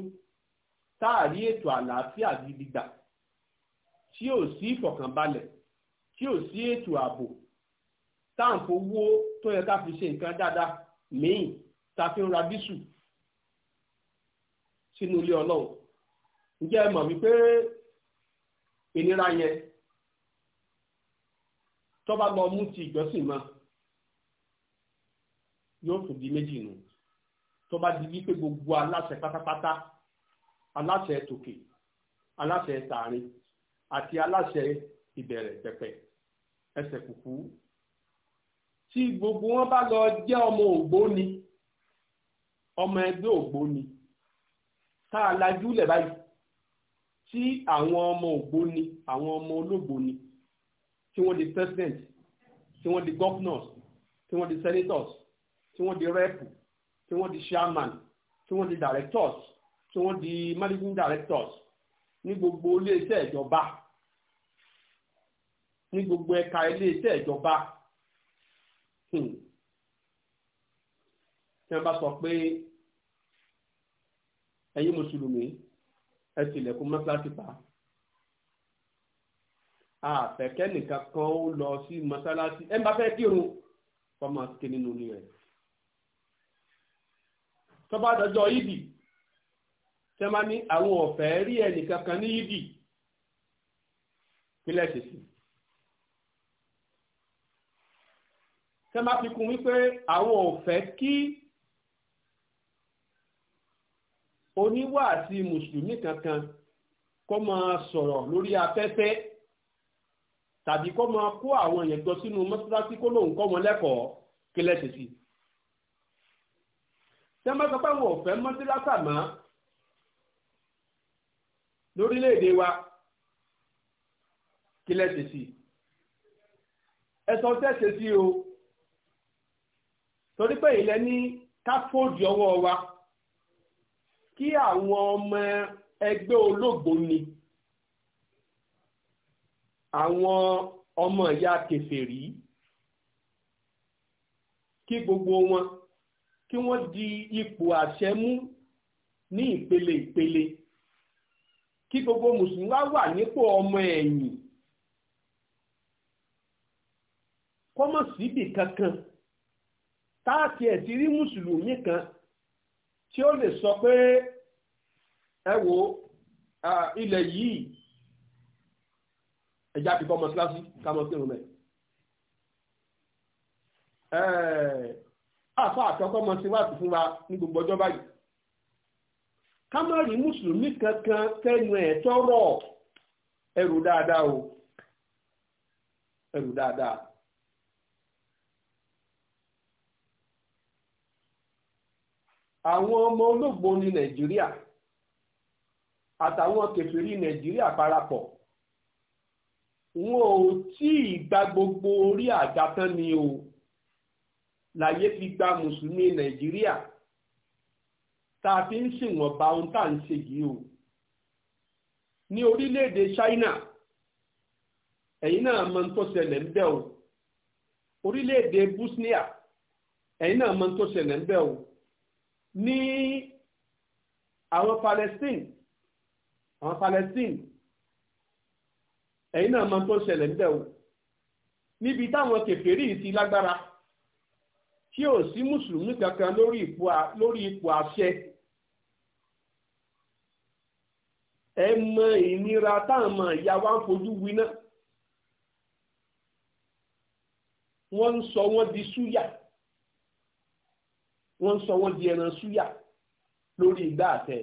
tá a rí ètò àlàáfíà gidi gbà tí ò sí ìfọ̀kànbalẹ̀ tí ò sí ètò ààbò tá à tó yẹ ká fi ṣe nǹkan dáadáa míì ta fi ń ra bísù sínú ilé ọlọ́run ǹjẹ́ ẹ mọ̀ wípé ìnira yẹn tó bá lọ mú ti ìjọsìn mọ́ yóò tún di méjì nù tó bá di wípé gbogbo aláṣẹ pátápátá aláṣẹ tòkè aláṣẹ tààrin àti aláṣẹ ìbẹ̀rẹ̀ pẹ̀pẹ̀ ẹsẹ̀ kùkú tí gbogbo wọn bá lọ jẹ́ ọmọ ògbóni ọmọ ẹgbẹ́ ògbóni tá a lajú lẹ̀ báyìí tí àwọn ọmọ ògbóni àwọn ọmọ olóògbóni tí wọ́n di president tí wọ́n di governors tí wọ́n di senators tí wọ́n di rep tí wọ́n di chairman tí wọ́n di directors tí wọ́n di managing directors ní gbogbo iléeṣẹ́ ìjọba ní gbogbo ẹ̀ka iléeṣẹ́ ìjọba hmm. tí wọ́n bá sọ pé ẹ̀yin mùsùlùmí ẹ tilẹ̀kùn mọ́sálásí pa àfẹ́kẹ́ nìkan kan ó lọ sí mọ́sálásí ẹ bá fẹ́ kírun fọmọ kí nínú ilé rẹ̀ tọ́ba dọjọ́ yídì tẹ́ máa ní àwọn ọ̀fẹ́ rí ẹnìkan kan ní yídì kílẹ̀ ṣèṣì. tẹ́ fi kún wípé àwọn ọ̀fẹ́ kí oníwàásí mùsùlùmí kankan kó máa sọ̀rọ̀ lórí afẹ́fẹ́ tàbí kó máa kó àwọn èèyàn jọ sínú mọ́ṣáláṣí kó lóun kọ́ wọn lẹ́kọ̀ọ́ kí lẹ́sẹ̀ sí. tẹ́ máa sọ pé àwọn ò fẹ́ mọ́ṣáláṣà mọ́ lórílẹ̀‐èdè wa kí lẹ́sẹ̀ sí. ẹ sọ tẹ́sẹ̀ sí o torí pé ìlẹ́ ní ká fòdì ọwọ́ wa kí àwọn ọmọ ẹgbẹ́ olóògbò ni àwọn ọmọ ìyá kèfèrí kí gbogbo wọn kí wọ́n di ipò àṣẹ mú ní ìpele ìpele kí gbogbo mùsùlùmí wá wà nípò ọmọ ẹ̀yìn kọ́mọ̀ síbì kankan táàtì ẹ̀ ti rí mùsùlùmí kan tí ó lè sọ pé ẹ wo ilẹ̀ yìí ẹja fi bọ́ mọ́síláṣí kámọ́ sí ìrùn àfa àtọkọ́ mọ́ sí wáàtí fún wa ní gbogbo ọjọ́ báyìí. ká má mùsùlùmí kankan tẹnu ẹ̀ tọrọ ẹrù dáadáa o ẹrù dáadáa. àwọn ọmọ olóògbò ní nàìjíríà àtàwọn kèfèrí nàìjíríà parapọ̀ wọn ò tí ì gba gbogbo orí àga tán ni o láyé fi gba mùsùlùmí nàìjíríà tá a fi ń ṣìwọ̀n ba ohun tá à ń ṣe yìí o ní orílẹ̀-èdè China ẹ̀yin náà mọ tó ṣẹlẹ̀ ń o orílẹ̀-èdè Bosnia ẹ̀yin náà mọ tó ṣẹlẹ̀ ń o ní àwọn Palestine àwọn Palestine ẹ̀yin náà mọ̀ tó ṣẹlẹ̀ níbẹ̀ o níbi táwọn kèfèrí ti lágbára tí ò sí mùsùlùmí kankan lórí ipò àṣẹ ẹ mọ ìnira táwọn ọmọ ìyá wa ń fojú winá wọ́n ń sọ wọ́n di súyà wọ́n ń sọ wọ́n di ẹran súyà lórí igbá àtẹ.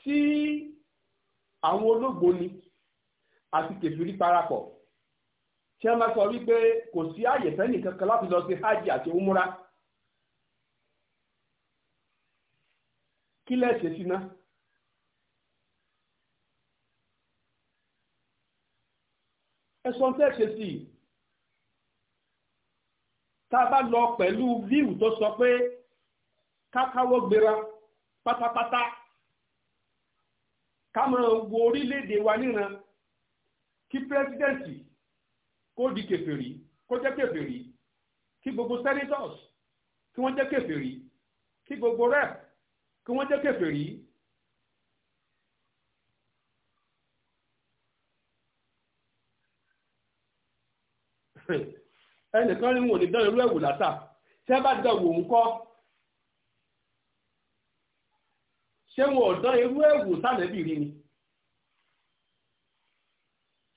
tí àwọn olóògbò ni àti kẹfìrí parapọ̀ tí wọ́n bá sọ wípé kò sí àyè fẹ́ni kankan láti lọ sí hajj àti umura kí lẹ́sẹ̀ sí náà. ẹ̀sùn tẹ́ ṣe sí i tá a bá lọ pẹ̀lú bíìwù tó sọ pé kákáwọ́ gbéra pátápátá ká máa wo orílẹ̀-èdè wa níran kí pírẹsidẹ́ǹtì kó di kèfèrí kó jẹ́ kèfèrí kí gbogbo senators kí wọ́n jẹ́ kèfèrí kí gbogbo rep kí wọ́n jẹ́ kèfèrí. Hey ẹnìkan rí wọn ò ní dán irú ẹ̀wò látà tí ẹ bá dán wò ń kọ́ ṣé wọn ò dán irú ẹ̀wò sálẹ̀bì rí ni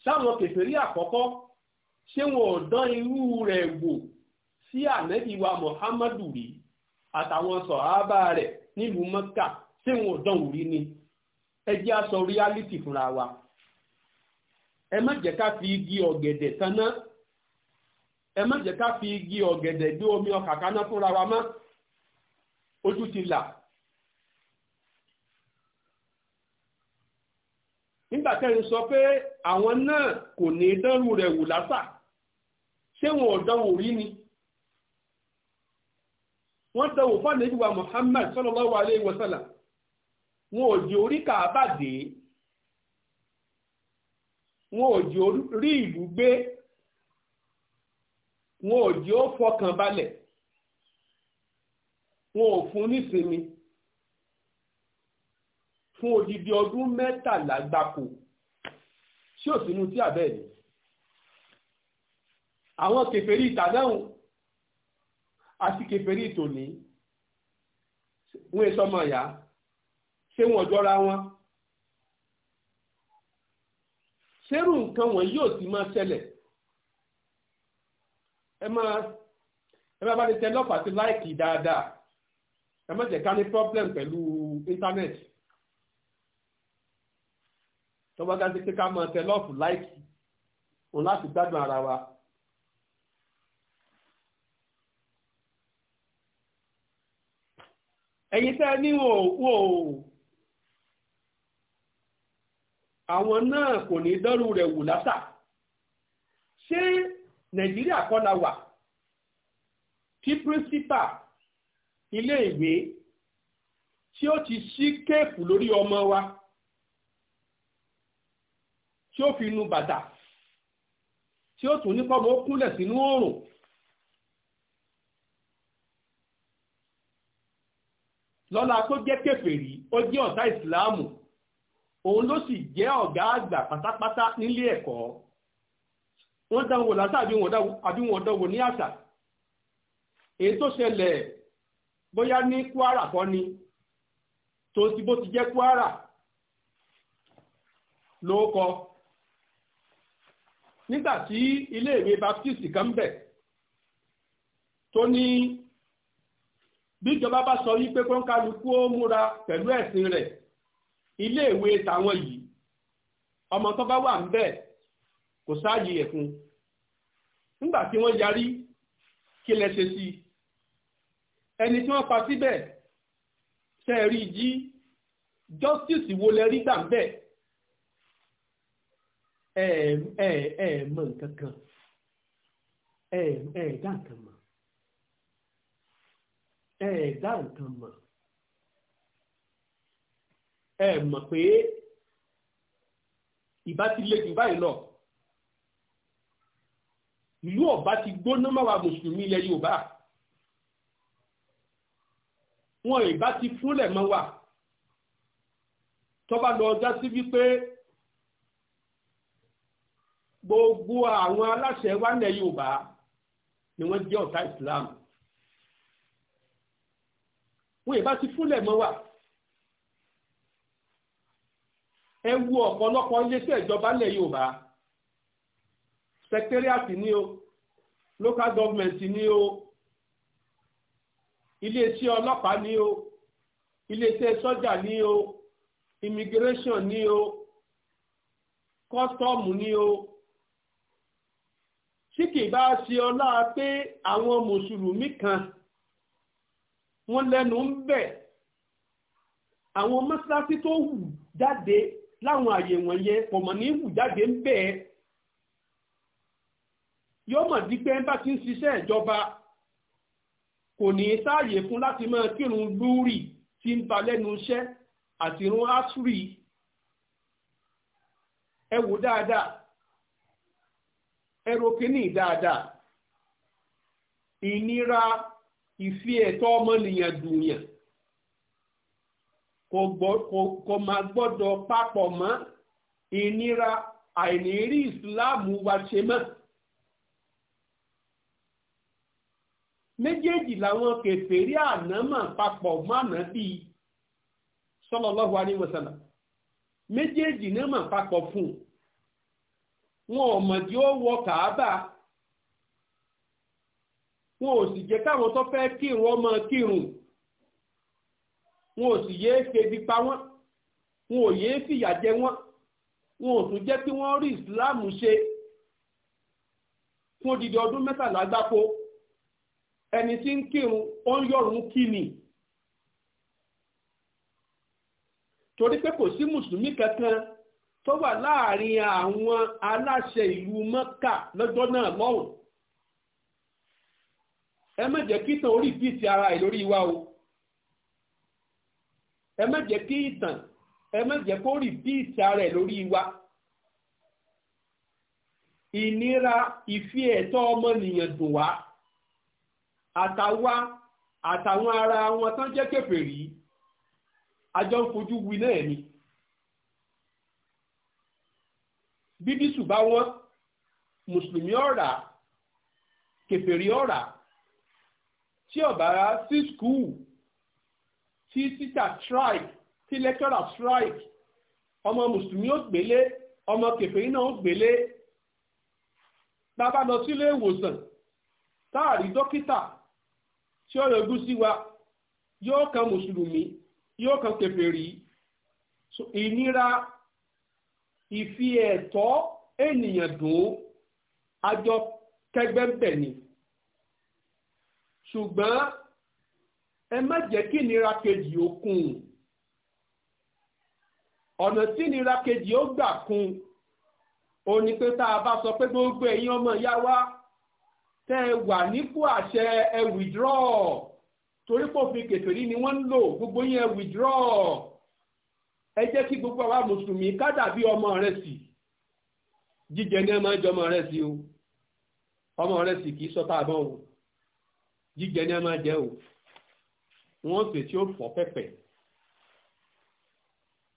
sáwọn kèfèrí àkọ́kọ́ ṣé wọn ò dán irú rẹ̀ wò sí ànẹ́bí wa Muhammadu rí àtàwọn sọ̀hábà rẹ̀ nílùú Mẹ́kà ṣé wọn ò dán wò rí ni ẹ jẹ́ a sọ reality fúnra wa ẹ má jẹ́ ká fi igi ọ̀gẹ̀dẹ̀ tanná ẹ má jẹ́ ká fi igi ọ̀gẹ̀dẹ̀ gbé omi ọkà kaná fúnra wa mọ́ ojú ti là nígbà tẹ́rin sọ pé àwọn náà kò ní dánrù rẹ̀ wò lásà ṣé wọn ò dánwò rí ni wọ́n dánwò fọ́nà ìdíwà Muhammad sallallahu alaihi wasallam wọn ò di orí kàábàdé wọn ò di orí ìlú gbé wọn ò jẹ́ ó fọkàn balẹ̀ wọn ò fún nísinmi fún odidi ọdún mẹ́tàlá gbáko sí òsínú tí àbẹ́ẹ̀ ni àwọn kèfèrí ìtàdáhùn àti kèfèrí ìtòní wọn èso ọmọ ìyá ṣé wọn jọra wọn ṣerú nǹkan wọn yóò ti máa ṣẹlẹ̀ ẹ máa ẹ máa bá ní tẹ lọ́pàá sí láìkì dáadáa ẹ má jẹ́ ká ní problem pẹ̀lú íńtánẹ́ẹ̀tì tó bá dájú pé ká máa tẹ lọ́ọ̀fù láìkì òun láti gbádùn ara wa. ẹ̀yin tẹ́ ní wò wò àwọn náà kò ní dọ́rù rẹ̀ wù lásà ṣé nàìjíríà kọ́ la wà kí pírísípà ilé ìwé tí ó ti ṣí kéèpù lórí ọmọ wa tí ó fi nu bàtà tí ó tún nípa ọmọ ó kúnlẹ̀ sínú oòrùn lọ́la tó jẹ́ kèfèrí ó jẹ́ ọ̀tá ìsìláàmù òun ló sì jẹ́ ọ̀gá àgbà pátápátá nílé ẹ̀kọ́ wọ́n dá wò lásà àbí wọ́n dánwò ní àṣà èyí tó ṣẹlẹ̀ bóyá ní Kwara kọ́ ni tó ti bó ti jẹ́ Kwara ló kọ nígbà tí iléèwé Baptist kan bẹ̀ tó ní bíjọba bá sọ wípé kọ́ńkálukú ó múra pẹ̀lú ẹ̀sìn rẹ̀ iléèwé tàwọn yìí ọmọ tó bá wà ń bẹ́ẹ̀ kò sáàyè ẹ̀ fún nígbà tí wọ́n yarí kí lẹ ṣe sí ẹni tí wọ́n pa síbẹ̀ ṣe rí jí justice wo lẹ rí gbà ń bẹ̀ ẹ ẹ ẹ mọ nǹkan kan ẹ ẹ dá nǹkan mọ̀ ẹ dá nǹkan mọ̀ ẹ mọ̀ pé ìbá ti le jù báyìí lọ ìlú ọba ti gbóná máwa mùsùlùmí ilẹ̀ yorùbá wọn ìbá ti fúnlẹ̀ mọ́ wa tọ́ba lọ dá sí wípé gbogbo àwọn aláṣẹ wa ilẹ̀ yorùbá ni wọ́n jẹ́ ọ̀tá islam wọn ìbá ti fúnlẹ̀ mọ́ wa ẹ wo ọ̀pọ̀lọpọ̀ iléeṣẹ́ ìjọba ilẹ̀ yorùbá secretariat ni o local government ni o iléeṣẹ́ ọlọ́pàá ni o iléeṣẹ́ sọ́jà ni o immigration ni o kọ́sítọ́ọ̀mù ni o tí kì bá ṣe ọlá pé àwọn mùsùlùmí kan wọ́n lẹ́nu ń bẹ̀ àwọn mọ́sálásí tó hù jáde láwọn àyè wọ̀nyẹn pọ̀mọ̀ ní hù jáde ń bẹ̀ yóò mọ̀ di pé bá ti ń ṣiṣẹ́ ìjọba kò ní sáàyè fún láti máa kírun lúrì tí ń ba lẹ́nu iṣẹ́ àti irun asúrì ẹ wò dáadáa ẹ ro kínní dáadáa ìnira ìfi ẹ̀tọ́ ọmọnìyàn dùnyàn kò máa gbọ́dọ̀ papọ̀ mọ́ ìnira àìnírí ìsìláàmù wa ṣe mọ́. méjèèjì làwọn kèfèrí ànámọ̀ papọ̀ mọ́nà bí sallallahu alaihi wasallam méjèèjì náà mọ̀ papọ̀ fún wọn ò mọ̀ tí ó wọ kàábà wọn ò sì jẹ́ káwọn tó fẹ́ kírun ọmọ kírun wọn ò sì yéé febi pa wọn wọn ò yéé fìyà jẹ wọn wọn ò tún jẹ́ kí wọ́n rí ìsìláàmù ṣe fún odidi ọdún mẹ́tàlá gbáko. ẹni tí ń kírun ó ń yọ̀rùn torí pé kò sí mùsùlùmí kankan tó wà láàrin àwọn aláṣẹ ìlú mọ́kà lọ́jọ́ náà lọ́hùn ẹ má jẹ́ kí ara ẹ̀ lórí wa o ẹ má jẹ́ kí ẹ má jẹ́ kó ara ẹ̀ lórí wa ìnira ìfi ẹ̀tọ́ ọmọnìyàn dùn àtàwa àtàwọn ara wọn tán jẹ́ kèfèrí àjọ ń fojú wi náà ni bíbí ṣùgbá wọn mùsùlùmí ọ̀rà kèfèrí ọ̀rà tí ọ̀bá sí skul tí títà strike tí lecturer strike ọmọ mùsùlùmí ó gbélé ọmọ kèfèrí náà ó gbélé bàbá lọ sílé ìwòsàn táàrí dókítà tí ó yọjú sí wa yóò kan mùsùlùmí yóò kan kèfèrí ìnira ìfi ẹ̀tọ́ ènìyàn dùn àjọ kẹgbẹ́ bẹ̀ ni ṣùgbọ́n ẹ má jẹ́ kí ìnira kejì ó kún ọ̀nà tí ìnira kejì ó gbà kún ó pé tá a bá sọ pé gbogbo ẹ̀yin ọmọ ìyá wa tẹ́ ẹ wà nípò àṣẹ ẹ withdraw torí pòfin kèfèrí ni wọ́n ń lò gbogbo yín withdraw ẹ jẹ́ kí gbogbo àwa mùsùlùmí ká dàbí ọmọ rẹ̀ sí jíjẹ ní ẹ máa ń jẹ ọmọ rẹ̀ sí o ọmọ rẹ̀ sì kì í sọ́tà àbọ̀ o jíjẹ ní ẹ máa jẹ o wọ́n sì tí ó fọ́ pẹ̀pẹ̀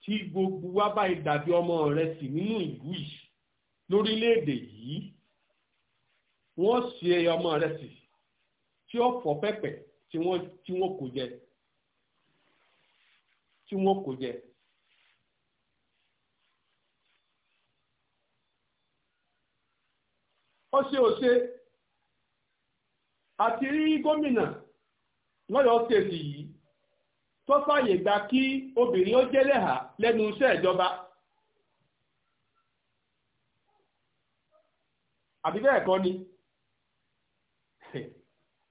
tí gbogbo wa báyìí dàbí ọmọ rẹ̀ sí nínú ìlú yìí lórílẹ̀ yìí wọ́n ṣe ọmọ rẹ tí ó fọ́ pẹ́pẹ́ tí wọ́n kò jẹ tí wọ́n kò jẹ. ó ṣe ó ṣe àti rí gómìnà lọ́yọ̀ ṣèṣì yìí tó fàyè gba kí obìnrin ó jẹ́lẹ̀hà lẹ́nu iṣẹ́ ìjọba. àbí bẹ́ẹ̀ kọ́ ni.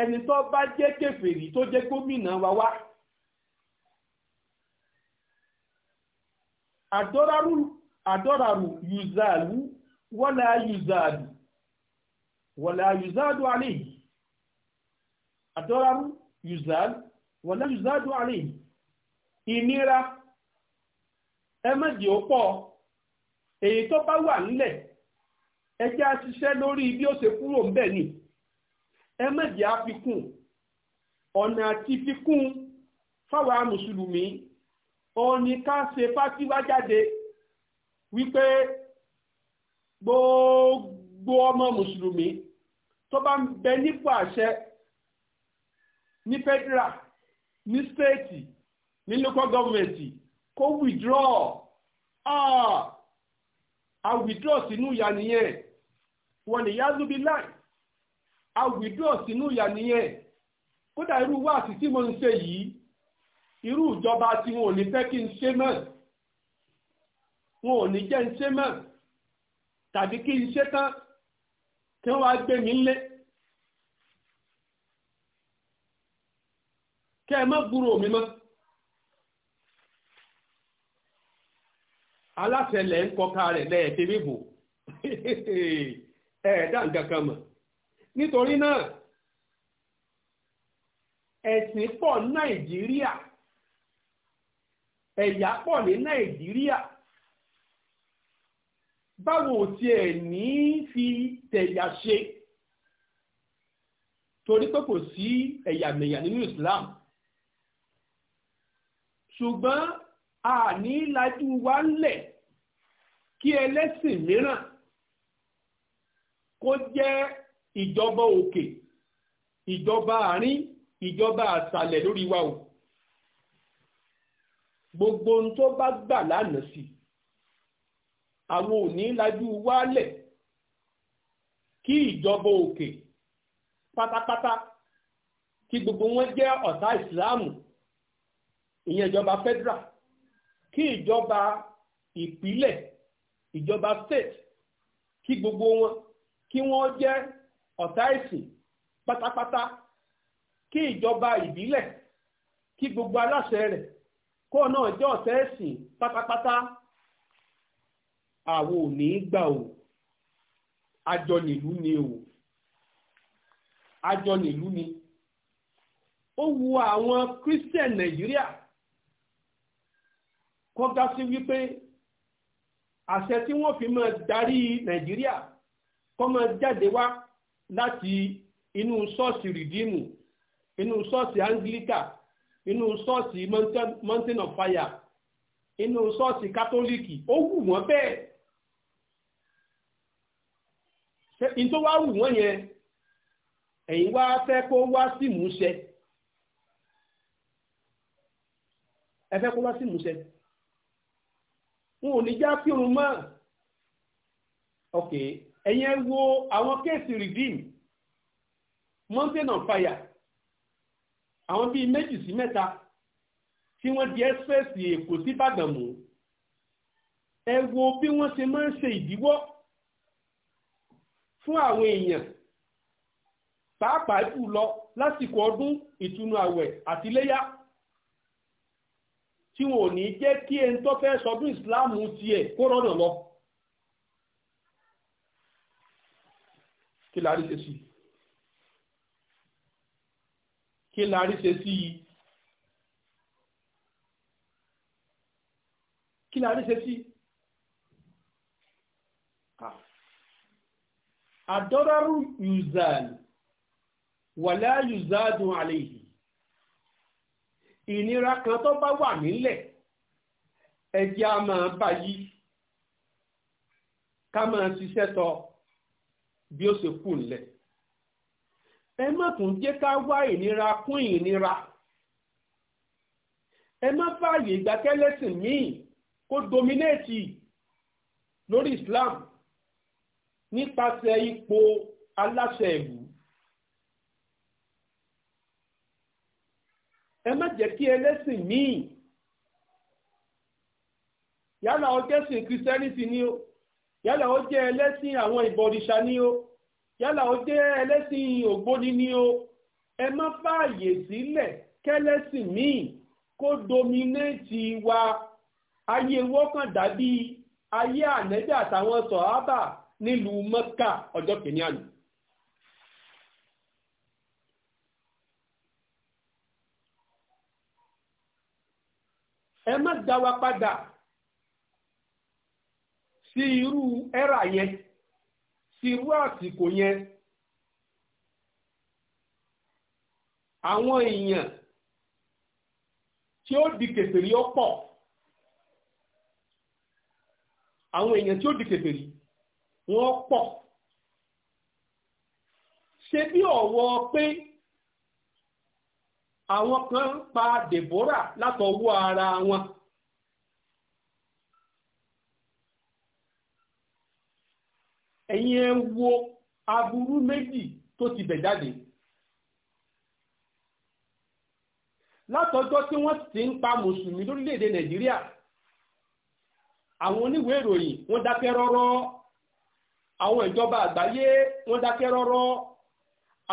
ẹni tó bá jẹ́ kèfèrí tó jẹ́ gómìnà wa wá. àdọ́rarú àdọ́rarú yùzàlú wọ́lá yùzàlú wọ́lá yùzàlú àlè àdọ́rarú yùzàlú wọ́lá yùzàlú àlè ìnira ẹ má jẹ́ ó pọ̀ èyí tó bá wà nílẹ̀ ẹ jẹ́ lórí bí ó ṣe kúrò ń bẹ̀ ni ẹ mẹ́jì á fi kún ọ̀nà àti fi kún fáwọn mùsùlùmí òní ká ṣe fásiwá jáde wípé gbogbo ọmọ mùsùlùmí tó bá ń bẹ nípò àṣẹ ní federal ní state ní local government kó withdraw ah a withdraw sínú ìyá nìyẹn wọn lè yá lóbi láì awìdúró sínú ìyà nìyẹn kódà irú wáàsí tí mo ń ṣe yìí irú ìjọba tí wọn ò ní fẹ́ kí n ṣe mọ́ wọn ò n ṣe mọ́ tàbí kí n ṣe tán kí wọ́n gbé mi lé kẹ́ ẹ má gbúrò mi mọ́. aláṣẹ lẹ̀ ń kọ́ka rẹ̀ ẹ̀ẹ́dá nǹkan nítorí náà ẹ̀sìn pọ̀ ní nàìjíríà ẹ̀yà pọ̀ ní nàìjíríà báwo tí ẹ̀ ní fi tẹ̀yà ṣe torí pé kò sí ẹ̀yàmẹ̀yà nínú Islam ṣùgbọ́n a ní lajú wa ńlẹ̀ kí ẹlẹ́sìn mìíràn kó jẹ́ ìjọba òkè ìjọba àárín ìjọba àsàlẹ̀ lórí wa o gbogbo ohun tó bá gbà lánàá sí àwọn òní lajú wálẹ̀ kí ìjọba òkè pátápátá kí gbogbo wọn jẹ́ ọ̀tá ìsìláàmù ìyẹn ìjọba federal kí ìjọba ìpínlẹ̀ ìjọba state kí gbogbo wọn kí wọ́n jẹ́ ọ̀tá ẹ̀sìn pátápátá kí ìjọba ìbílẹ̀ kí gbogbo aláṣẹ rẹ̀ kó náà jẹ́ ọ̀tá ẹ̀sìn pátápátá àwọn ò ní í gbà o àjọ nìlú ni o àjọ nìlú ni ó wu àwọn Christian Nàìjíríà kọ́gá sí wípé àṣẹ tí wọ́n fi máa darí Nàìjíríà kọ́ máa jáde wá láti inú ṣọ́ọ̀ṣì rìdíìmù inú ṣọ́ọ̀ṣì anglika inú ṣọ́ọ̀ṣì mountain of fire inú ṣọ́ọ̀ṣì kátólíìkì ó wù wọ́n bẹ́ẹ̀ in tó wá wù wọ́n yẹn ẹ̀yin wá fẹ́ kó wá sí ìmúṣẹ ẹ fẹ́ kó wá sí ìmúṣẹ n ò ní já kírun mọ́ okay ẹ̀yin ẹ wo àwọn kéèsì redeem mountain on fire àwọn bíi méjì sí mẹ́ta tí wọ́n di express èkó sí Ìbàdàn mú ẹ wo bí wọ́n ṣe máa ń ṣe ìdíwọ́ fún àwọn èèyàn pàápàá jùlọ lásìkò ọdún ìtúnu àwẹ̀ àtiléyá tí wọn ò ní jẹ́ kí ẹni tó fẹ́ sọdún ìsìláàmù tiẹ̀ kó rọ̀nà lọ. kí la rí ṣe sí kí la rí ṣe sí kí la rí ṣe sí àdọ́rọ̀rù yuzal wàlá yuzadun alayhi ìnira kan tó bá wà nílẹ̀ ẹjẹ́ a máa bá yí ká máa ṣiṣẹ́ tọ́ bí ó ṣe kù ńlẹ̀ ẹ má tún jẹ́ ká wá ìnira kún ìnira ẹ má fààyè ìgbàkẹ́lẹ́sìn míì kó dominéètì lórí Islam nípasẹ̀ ipò aláṣẹ ìlú ẹ má jẹ́ kí ẹlẹ́sìn míì yálà ọjọ́sìn kìrìsìtẹ́nìtì ni o yálà ó jẹ́ ẹlẹ́sìn àwọn ìbọ̀rìṣà ni o yálà ó jẹ́ ẹlẹ́sìn ògbóni ni o ẹ má fààyè sílẹ̀ kẹ́lẹ́sìn míì kó dominéètì wa ayé wọ́kàn dàbí ayé ànẹ́bí àtàwọn sọ̀hábà nílùú mọ́kà ọjọ́ kìíní àná. ẹ má dá wa padà sí irú ẹ̀rà yẹn sí irú àsìkò yẹn àwọn èèyàn tí ó di kèfèrí ó pọ̀ àwọn èèyàn tí ó di kèfèrí wọ́n pọ̀ ṣe bí ọ̀wọ́ pé àwọn kan pa Dèbórà látọwọ́ ara wọn. ẹ̀yin ẹ wo aburú méjì tó ti bẹ̀ jáde látọjọ́ tí wọ́n ti ń pa mùsùlùmí lórílẹ̀‐èdè nàìjíríà àwọn oníwèé ìròyìn wọ́n dákẹ́ rọ́rọ́ àwọn ìjọba àgbáyé wọ́n dákẹ́ rọ́rọ́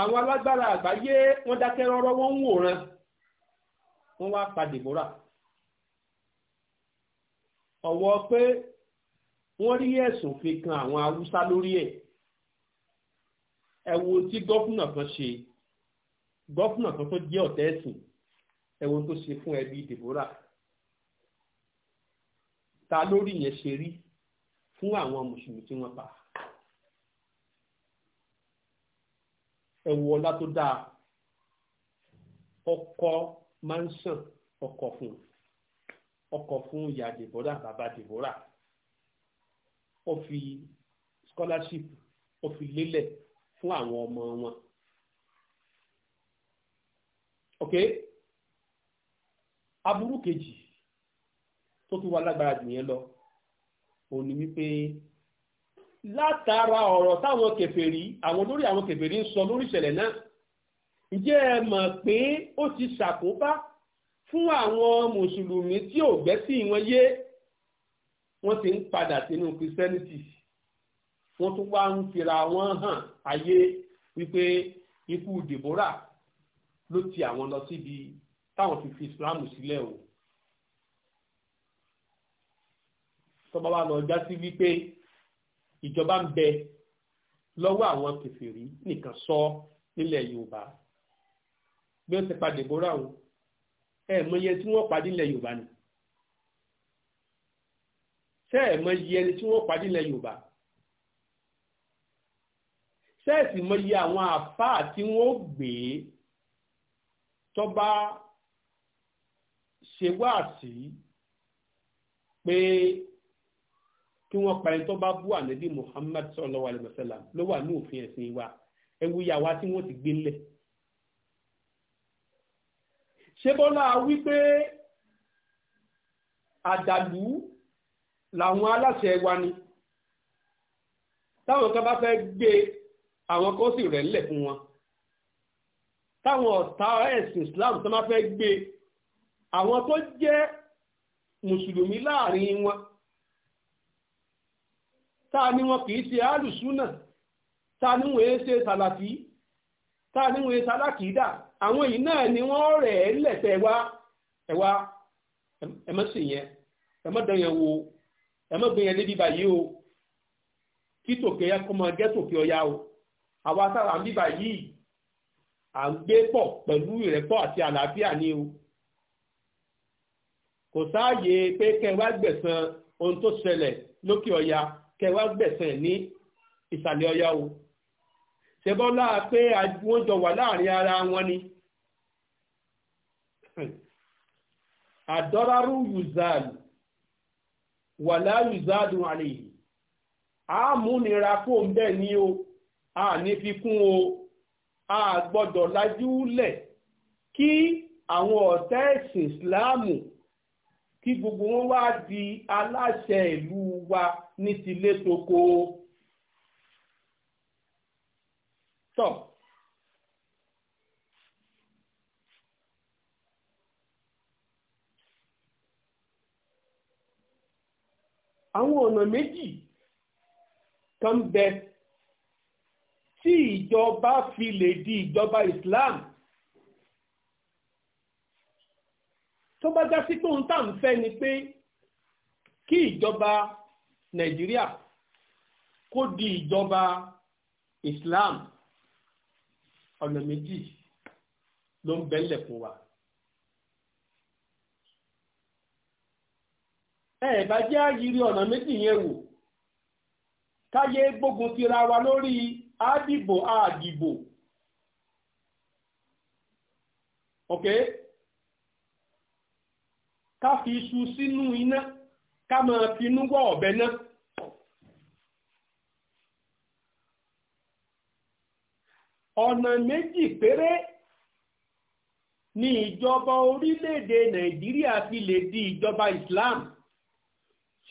àwọn alágbára àgbáyé wọ́n dákẹ́ rọ́rọ́ wọ́n ń wòran wọ́n wá pa Deborah ọ̀wọ́ pé wọ́n rí ẹ̀sùn fi kan àwọn haúsá lórí ẹ̀ ẹ wo tí gọ́fúnà kan ṣe gọ́fúnà kan tó jẹ́ ọ̀tẹ̀ ẹ̀sìn ẹ wo tó ṣe fún ẹbí Deborah ta lórí yẹn ṣe rí fún àwọn mùsùlùmí tí wọ́n pa ẹ ọlá tó dáa ọkọ máa ń sàn ọkọ fún ọkọ fún ìyá Deborah bàbá Deborah ó fi scholarship ó fi lélẹ̀ fún àwọn ọmọ wọn. ok aburú kejì tó tún wà lágbára jù yẹn lọ òun ni wípé látara ọ̀rọ̀ táwọn kèfèrí àwọn lórí àwọn kèfèrí ń sọ lórí ìṣẹ̀lẹ̀ náà ǹjẹ́ ẹ mọ̀ pé ó ti ṣàkóbá fún àwọn mùsùlùmí tí ò gbẹ́sìn wọn yé wọ́n ti ń padà sínú christianity wọ́n tún wá ń fira wọn hàn ayé wípé ikú Deborah ló ti àwọn lọ síbi táwọn fi fi Islam sílẹ̀ o tọ́ba wa lọ já sí wípé ìjọba ń bẹ lọ́wọ́ àwọn kèfèrí nìkan sọ nílẹ̀ Yorùbá bí wọ́n ti pa Deborah o ẹ̀ mọ̀ iye tí wọ́n pa nílẹ̀ Yorùbá ni sẹ́ẹ̀ mọ iye ẹni tí wọ́n pàdé ilẹ̀ Yorùbá sẹ́ẹ̀sì mọ iye àwọn àfáà tí wọ́n gbé tó bá ṣe wá sí pé kí wọ́n pa ẹni tó bú ànẹ́bí Muhammad sallallahu alaihi wasallam ló wà ní òfin ẹ̀sìn wa ẹwu ìyàwó tí wọ́n ti gbé lẹ̀. ṣé bọ́lá wípé àdàlú làwọn aláṣẹ wa ni táwọn kan bá fẹ́ gbé àwọn kan sì rẹ̀ ńlẹ̀ fún wọn táwọn ọ̀tá ẹ̀sìn Islam tó máa fẹ́ gbé àwọn tó jẹ́ mùsùlùmí láàrin wọn táà ní wọn kìí ṣe alùsúnà táà ní wọn ṣe sàlàfí táà ní wọn ṣe alákìídà àwọn yìí náà ni wọ́n rẹ̀ ńlẹ̀ tẹ̀ wá ẹ̀wá ẹ̀mọ́sìn yẹn ẹ̀mọ́dán yẹn wo ẹ mọ̀ gbìyànjú níbi báyìí o kí tòkè ẹ kọ́ mọ ẹgẹ́ tòkè ọ̀yá o àwa sára níbi báyìí à ń gbé pọ̀ pẹ̀lú ìrẹ́pọ̀ àti àlàáfíà ni o kò sáàyè pé kẹ́ wá gbẹ̀san ohun tó ṣẹlẹ̀ lókè ọ̀yá kẹ́ wá gbẹ̀san ní ìsàlẹ̀ ọ̀yá o ṣẹbọ́lá pé wọ́n jọ wà láàrin ara wọn ni àdọ́rárú yùzàlù wà láyù zádùn àlè àmúnira kò ń bẹ̀ ní o a ní fi o a gbọ́dọ̀ lajú lẹ̀ kí àwọn ọ̀tá ẹ̀sìn ìsìláàmù kí gbogbo wọn wá di aláṣẹ ìlú wa ní tilé toko. tọ́ àwọn ọ̀nà méjì kan bẹ tí ìjọba fi lè di ìjọba Islam tó bá já sí tóun tá à ń fẹ́ ni pé kí ìjọba Nàìjíríà kó di ìjọba Islam ọ̀nà méjì ló ń bẹ́ńlẹ̀ fún wa. ẹ̀ bá jẹ́ àyírí ọ̀nà méjì yẹn wò káyé gbógun wa lórí àdìbò àdìbò ok ká fi iṣu sínú iná ká máa finú wọ́ ọ̀bẹ náà. ọ̀nà méjì péré ni ìjọba orílẹ̀-èdè nàìjíríà fi lè di ìjọba islam.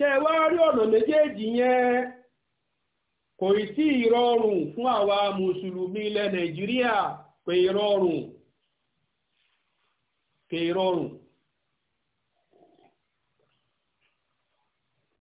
ṣe wá rí ọ̀nà méjèèjì kò ì sí ìrọ̀rùn fún àwa mùsùlùmí ilẹ̀ nàìjíríà pé ìrọ̀rùn